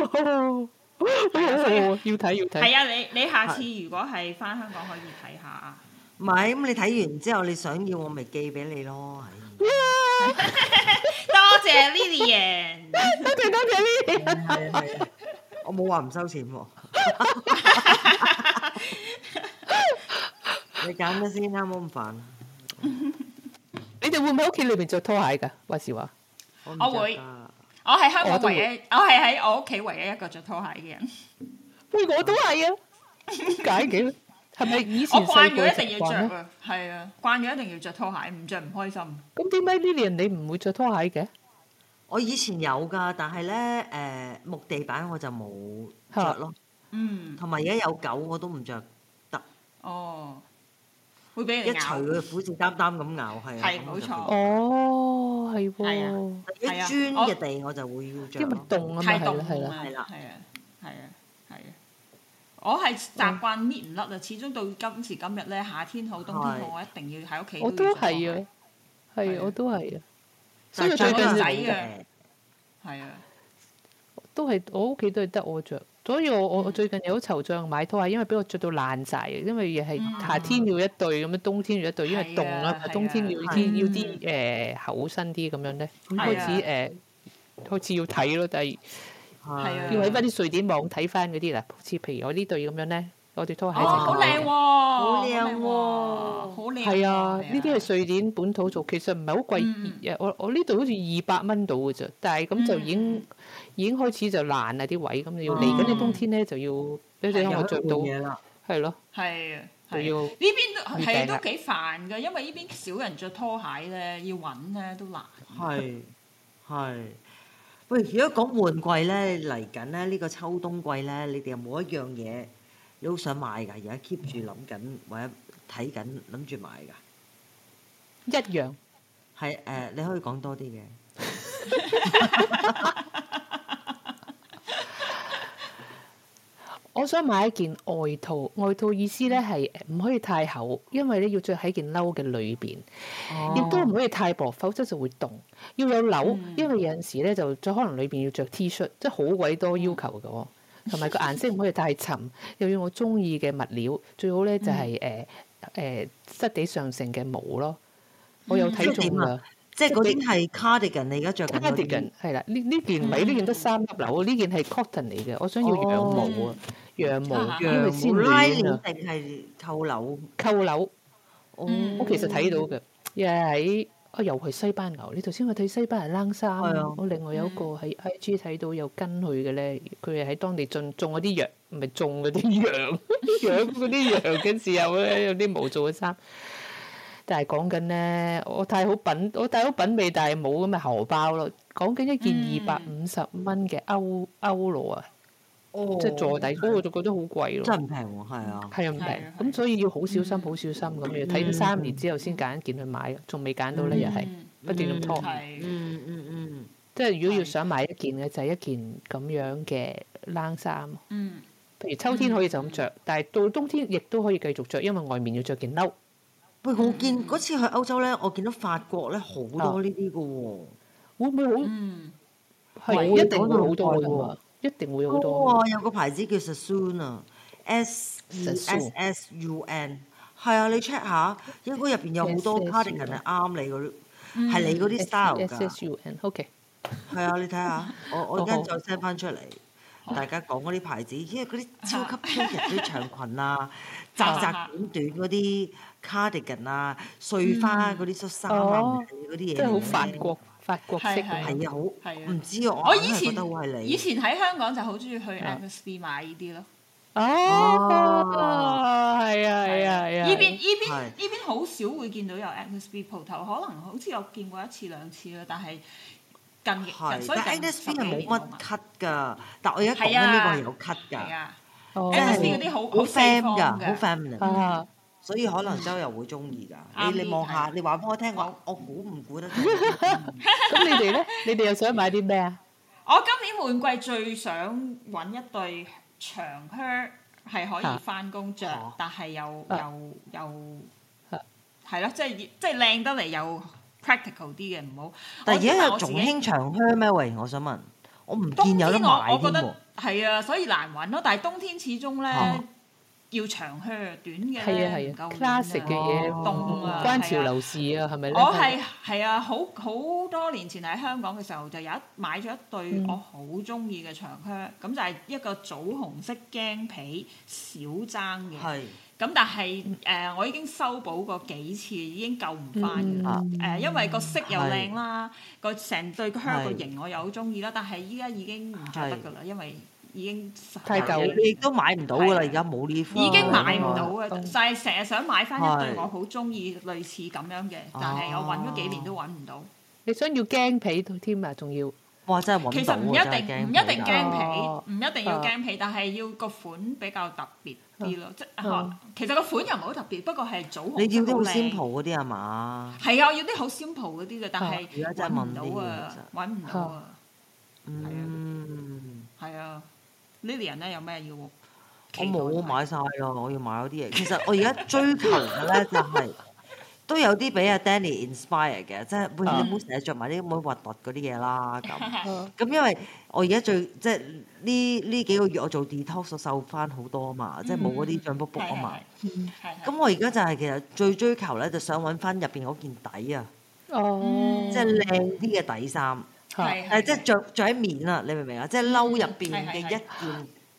要睇要睇，係啊，你你下次如果係翻香港可以睇下。唔係，咁你睇完之後，你想要我咪寄俾你咯。多謝 Lilian，多謝多謝 Lilian。係係，我冇話唔收錢喎。你揀咗先啦，冇咁煩。你哋會唔會屋企裏邊著拖鞋噶？話時話，我會，我係香港唯一，我係喺我屋企唯一一個著拖鞋嘅人。喂，我都係啊，解謎。係咪以前細個，成日慣咧？係啊，慣咗一定要著拖鞋，唔著唔開心。咁點解 Lilian 你唔會著拖鞋嘅？我以前有噶，但係咧誒木地板我就冇著咯。嗯，同埋而家有狗我都唔著得。哦，會俾人一除佢虎視眈眈咁咬，係啊，冇錯。哦，係喎，啲磚嘅地我就會要著，因為凍啊嘛，係啦，係啦，係啦，係啊，係啊。我係習慣搣唔甩啊！始終到今時今日咧，夏天好，冬天好，我一定要喺屋企。我都係啊，係啊，我都係啊。所以最近洗嘅，係啊，都係我屋企都係得我着。所以我我我最近有好惆悵買拖鞋，因為俾我着到爛晒。啊！因為又係夏天要一對咁樣，冬天要一對，因為凍啊嘛，冬天要啲，要啲誒厚身啲咁樣咧。開始誒，開始要睇咯，但係。係啊，要喺翻啲瑞典網睇翻嗰啲啦，好似譬如我呢對咁樣咧，我對拖鞋，好靚喎，好靚喎，好靚。係啊，呢啲係瑞典本土做，其實唔係好貴，我我呢度好似二百蚊到嘅啫，但係咁就已經已經開始就爛啦啲位，咁你要嚟緊啲冬天咧就要，你哋可唔可以著到？係咯。係啊，要呢邊係都幾煩嘅，因為呢邊少人着拖鞋咧，要揾咧都難。係，係。喂，如果講換季咧，嚟緊咧呢個秋冬季咧，你哋有冇一樣嘢你好想買㗎？而家 keep 住諗緊，或者睇緊，諗住買㗎？一樣，係、呃、誒，你可以講多啲嘅。我想買一件外套，外套意思咧係唔可以太厚，因為咧要着喺件褸嘅裏邊，亦都唔可以太薄，否則就會凍。要有褸，mm hmm. 因為有陣時咧就再可能裏邊要着 T 恤，shirt, 即係好鬼多要求嘅喎。同埋個顏色唔可以太沉， 又要我中意嘅物料，最好咧就係誒誒質地上乘嘅毛咯。我有睇中㗎。Mm hmm. 即係嗰啲係 cardigan，你而家著緊嗰件係啦。呢呢件唔係，呢件都三粒紐，呢件係 cotton 嚟嘅，我想要羊毛啊，羊毛因為先暖啊。拉鏈定係扣紐？扣紐。我其實睇到嘅，又喺啊又係西班牙。你頭先我睇西班牙冷衫，我另外有一個喺 IG 睇到有跟佢嘅咧，佢係喺當地種種嗰啲羊，唔係種嗰啲羊羊嗰啲羊嘅時候咧，有啲毛做嘅衫。但係講緊咧，我太好品，我太好品味，但係冇咁咪荷包咯。講緊一件二百五十蚊嘅歐歐羅啊，哦、即係坐底，嗰個我就覺得好貴咯。真唔平喎，係啊，係啊，唔平。咁所以要好小心，好、嗯、小心咁樣睇咗三年之後先揀一件去買，仲未揀到咧，嗯、又係不斷咁拖。嗯、即係如果要想買一件嘅，就係、是、一件咁樣嘅冷衫。譬、嗯嗯、如秋天可以就咁着，但係到冬天亦都可以繼續着，因為外面要着件褸。喂，我見嗰次去歐洲咧，我見到法國咧好多呢啲嘅喎，會唔會好？係一定會好多噶，一定會好多。有個牌子叫 s u s u n 啊，S S S U N，係啊，你 check 下，應該入邊有好多 cardigan 係啱你嗰啲，係你嗰啲 style 㗎。S S U N，OK，係啊，你睇下，我我跟住再 send 翻出嚟。大家講嗰啲牌子，因為嗰啲超級超型啲長裙啊，窄窄短短嗰啲 cardigan 啊，碎花嗰啲恤衫啊，嗰啲嘢，好法國，法國式嘅，係啊，好，唔知我，我以前喺香港就好中意去 Agnès b. 買呢啲咯。哦，係啊，係啊，依邊依邊依邊好少會見到有 Agnès b. 鋪頭，可能好似我見過一次兩次啦，但係。係，所以 Adidas 係冇乜 cut 噶，但係我而家講呢個有 cut 噶，Adidas 嗰啲好好 fan 噶，好 fashion 啊，所以可能周游會中意㗎。你你望下，你話俾我聽，我我估唔估得到？咁你哋咧？你哋又想買啲咩啊？我今年換季最想揾一對長靴，係可以翻工著，但係又又又係咯，即係即係靚得嚟又。practical 啲嘅唔好，但而家又仲興長靴咩？喂，我想問，我唔見有得買添喎。係啊，所以難揾咯。但係冬天始終咧要長靴，短嘅？係啊，係啊，classic 嘅嘢，凍啊，關潮流事啊，係咪咧？我係，係啊，好好多年前喺香港嘅時候就有一買咗一對我好中意嘅長靴，咁就係一個棗紅色麂皮小踭嘅。咁但係誒、呃，我已經修補過幾次，已經救唔翻嘅啦。誒、嗯，因為個色又靚啦，個成是對靴個型我又好中意啦。但係依家已經唔着得噶啦，是因為已經太舊，亦都買唔到噶啦。而家冇呢款，已經買唔到嘅。就係成日想買翻一對我好中意類似咁樣嘅，的但係我揾咗幾年都揾唔到、啊。你想要驚皮添啊？仲要？哇！真係揾到㗎，唔驚皮，唔一定要驚皮，但係要個款比較特別啲咯。即係其實個款又唔好特別，不過係早合都你要啲好 s i 嗰啲係嘛？係啊，我要啲好 simple 嗰啲嘅，但係揾唔到啊，揾唔到啊。嗯，係啊，l y 人咧有咩要？我冇買晒，啊！我要買嗰啲嘢。其實我而家追求嘅咧就係～都有啲俾阿 Danny inspire 嘅，即係會唔會成日着埋啲咁樣核突嗰啲嘢啦。咁咁因為我而家最即係呢呢幾個月我做 detox 瘦翻好多啊嘛，即係冇嗰啲脹卜卜啊嘛。咁我而家就係其實最追求咧，就想揾翻入邊嗰件底啊，即係靚啲嘅底衫。係即係着著喺面啊，你明唔明啊？即係褸入邊嘅一件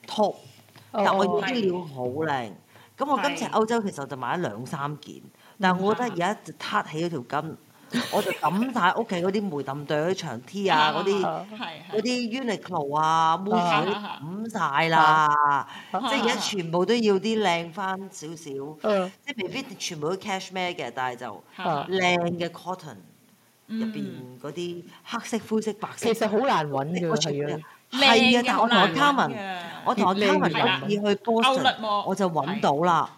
top，但係我啲料好靚。咁我今次喺歐洲其實就買咗兩三件。但係我覺得而家就揦起咗條筋，我就抌晒屋企嗰啲梅氈對嗰啲 T 啊，嗰啲嗰啲 Uniqlo 啊，m o o n 煤氈抌晒啦，即係而家全部都要啲靚翻少少，即係未必全部都 cash 咩嘅，但係就靚嘅 cotton 入邊嗰啲黑色、灰色、白色，其實好難揾㗎係啊，靚㗎，我同阿 Carmen，我同我卡文特意去 Bosch 我就揾到啦。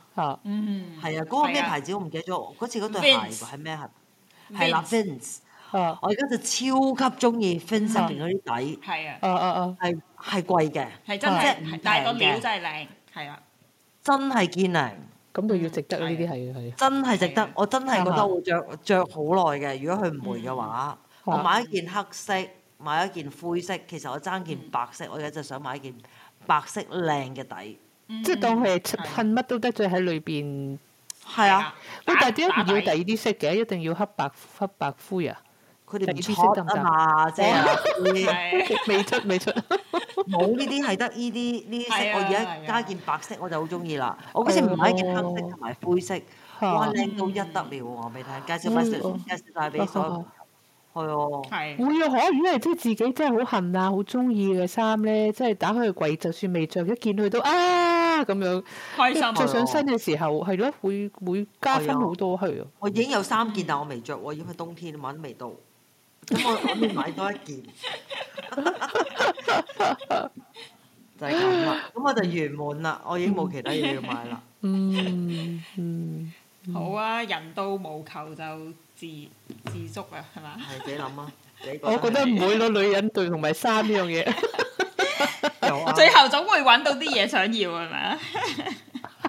嗯，係啊，嗰個咩牌子我唔記得咗。嗰次嗰對鞋係咩鞋？係 Vince。我而家就超級中意 Vince 入面嗰啲底。係啊。啊啊啊！係貴嘅。係真係，但係個料真係靚，係啦。真係堅靚。咁就要值得呢啲係係。真係值得，我真係覺得會着著好耐嘅。如果佢唔黴嘅話，我買一件黑色，買一件灰色。其實我爭件白色，我而家就想買件白色靚嘅底。即係當佢係噴乜都得，罪喺裏邊。係啊，喂，但係點解唔要第二啲色嘅？一定要黑白黑白灰啊？佢哋要偏色得唔得？我唔得啊嘛，即係未出未出，冇呢啲係得呢啲呢啲色。我而家加件白色，我就好中意啦。我嗰次買一件黑色同埋灰色，哇，靚到一得了！我未睇，介紹埋上，介紹晒俾係哦，啊是會啊，可如果係即係自己真係好恨啊，好中意嘅衫咧，即係打開個櫃，就算未着一件，佢都啊咁樣。開心。着、啊、上身嘅時候，係咯、啊，會會加分好多，去啊。是我已經有三件，但我未着，我已因為冬天嘛都未到。咁我，我買多一件， 就係咁啦。咁我就圓滿啦，我已經冇其他嘢要買啦、 嗯。嗯。嗯嗯好啊，人到冇求就。自自足啊，係咪？自己諗啊，我覺得唔會咯。女人對同埋衫呢樣嘢，最後總會揾到啲嘢想要，係咪啊？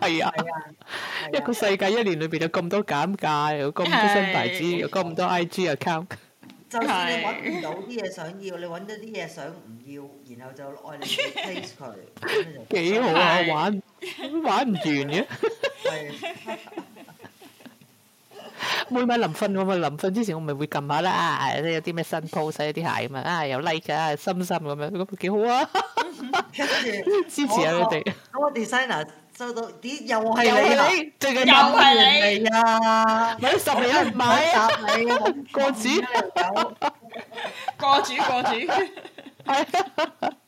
係啊係啊！一個世界一年裏邊有咁多減價，有咁多新牌子，有咁多 IG account。就算你揾唔到啲嘢想要，你揾咗啲嘢想唔要，然後就攞嚟佢，咁樣就幾好玩，玩唔完嘅。每晚臨瞓我咪臨瞓之前我咪會撳下啦，即、啊、有啲咩新 pose 洗咗啲鞋咁啊，有 like 啊，心心咁樣咁咪幾好啊！支持下你哋們，我，我 designer 收到咦又係你，最近又係你啊，咪、啊、十幾蚊買啊 過主， 過主過主過主，係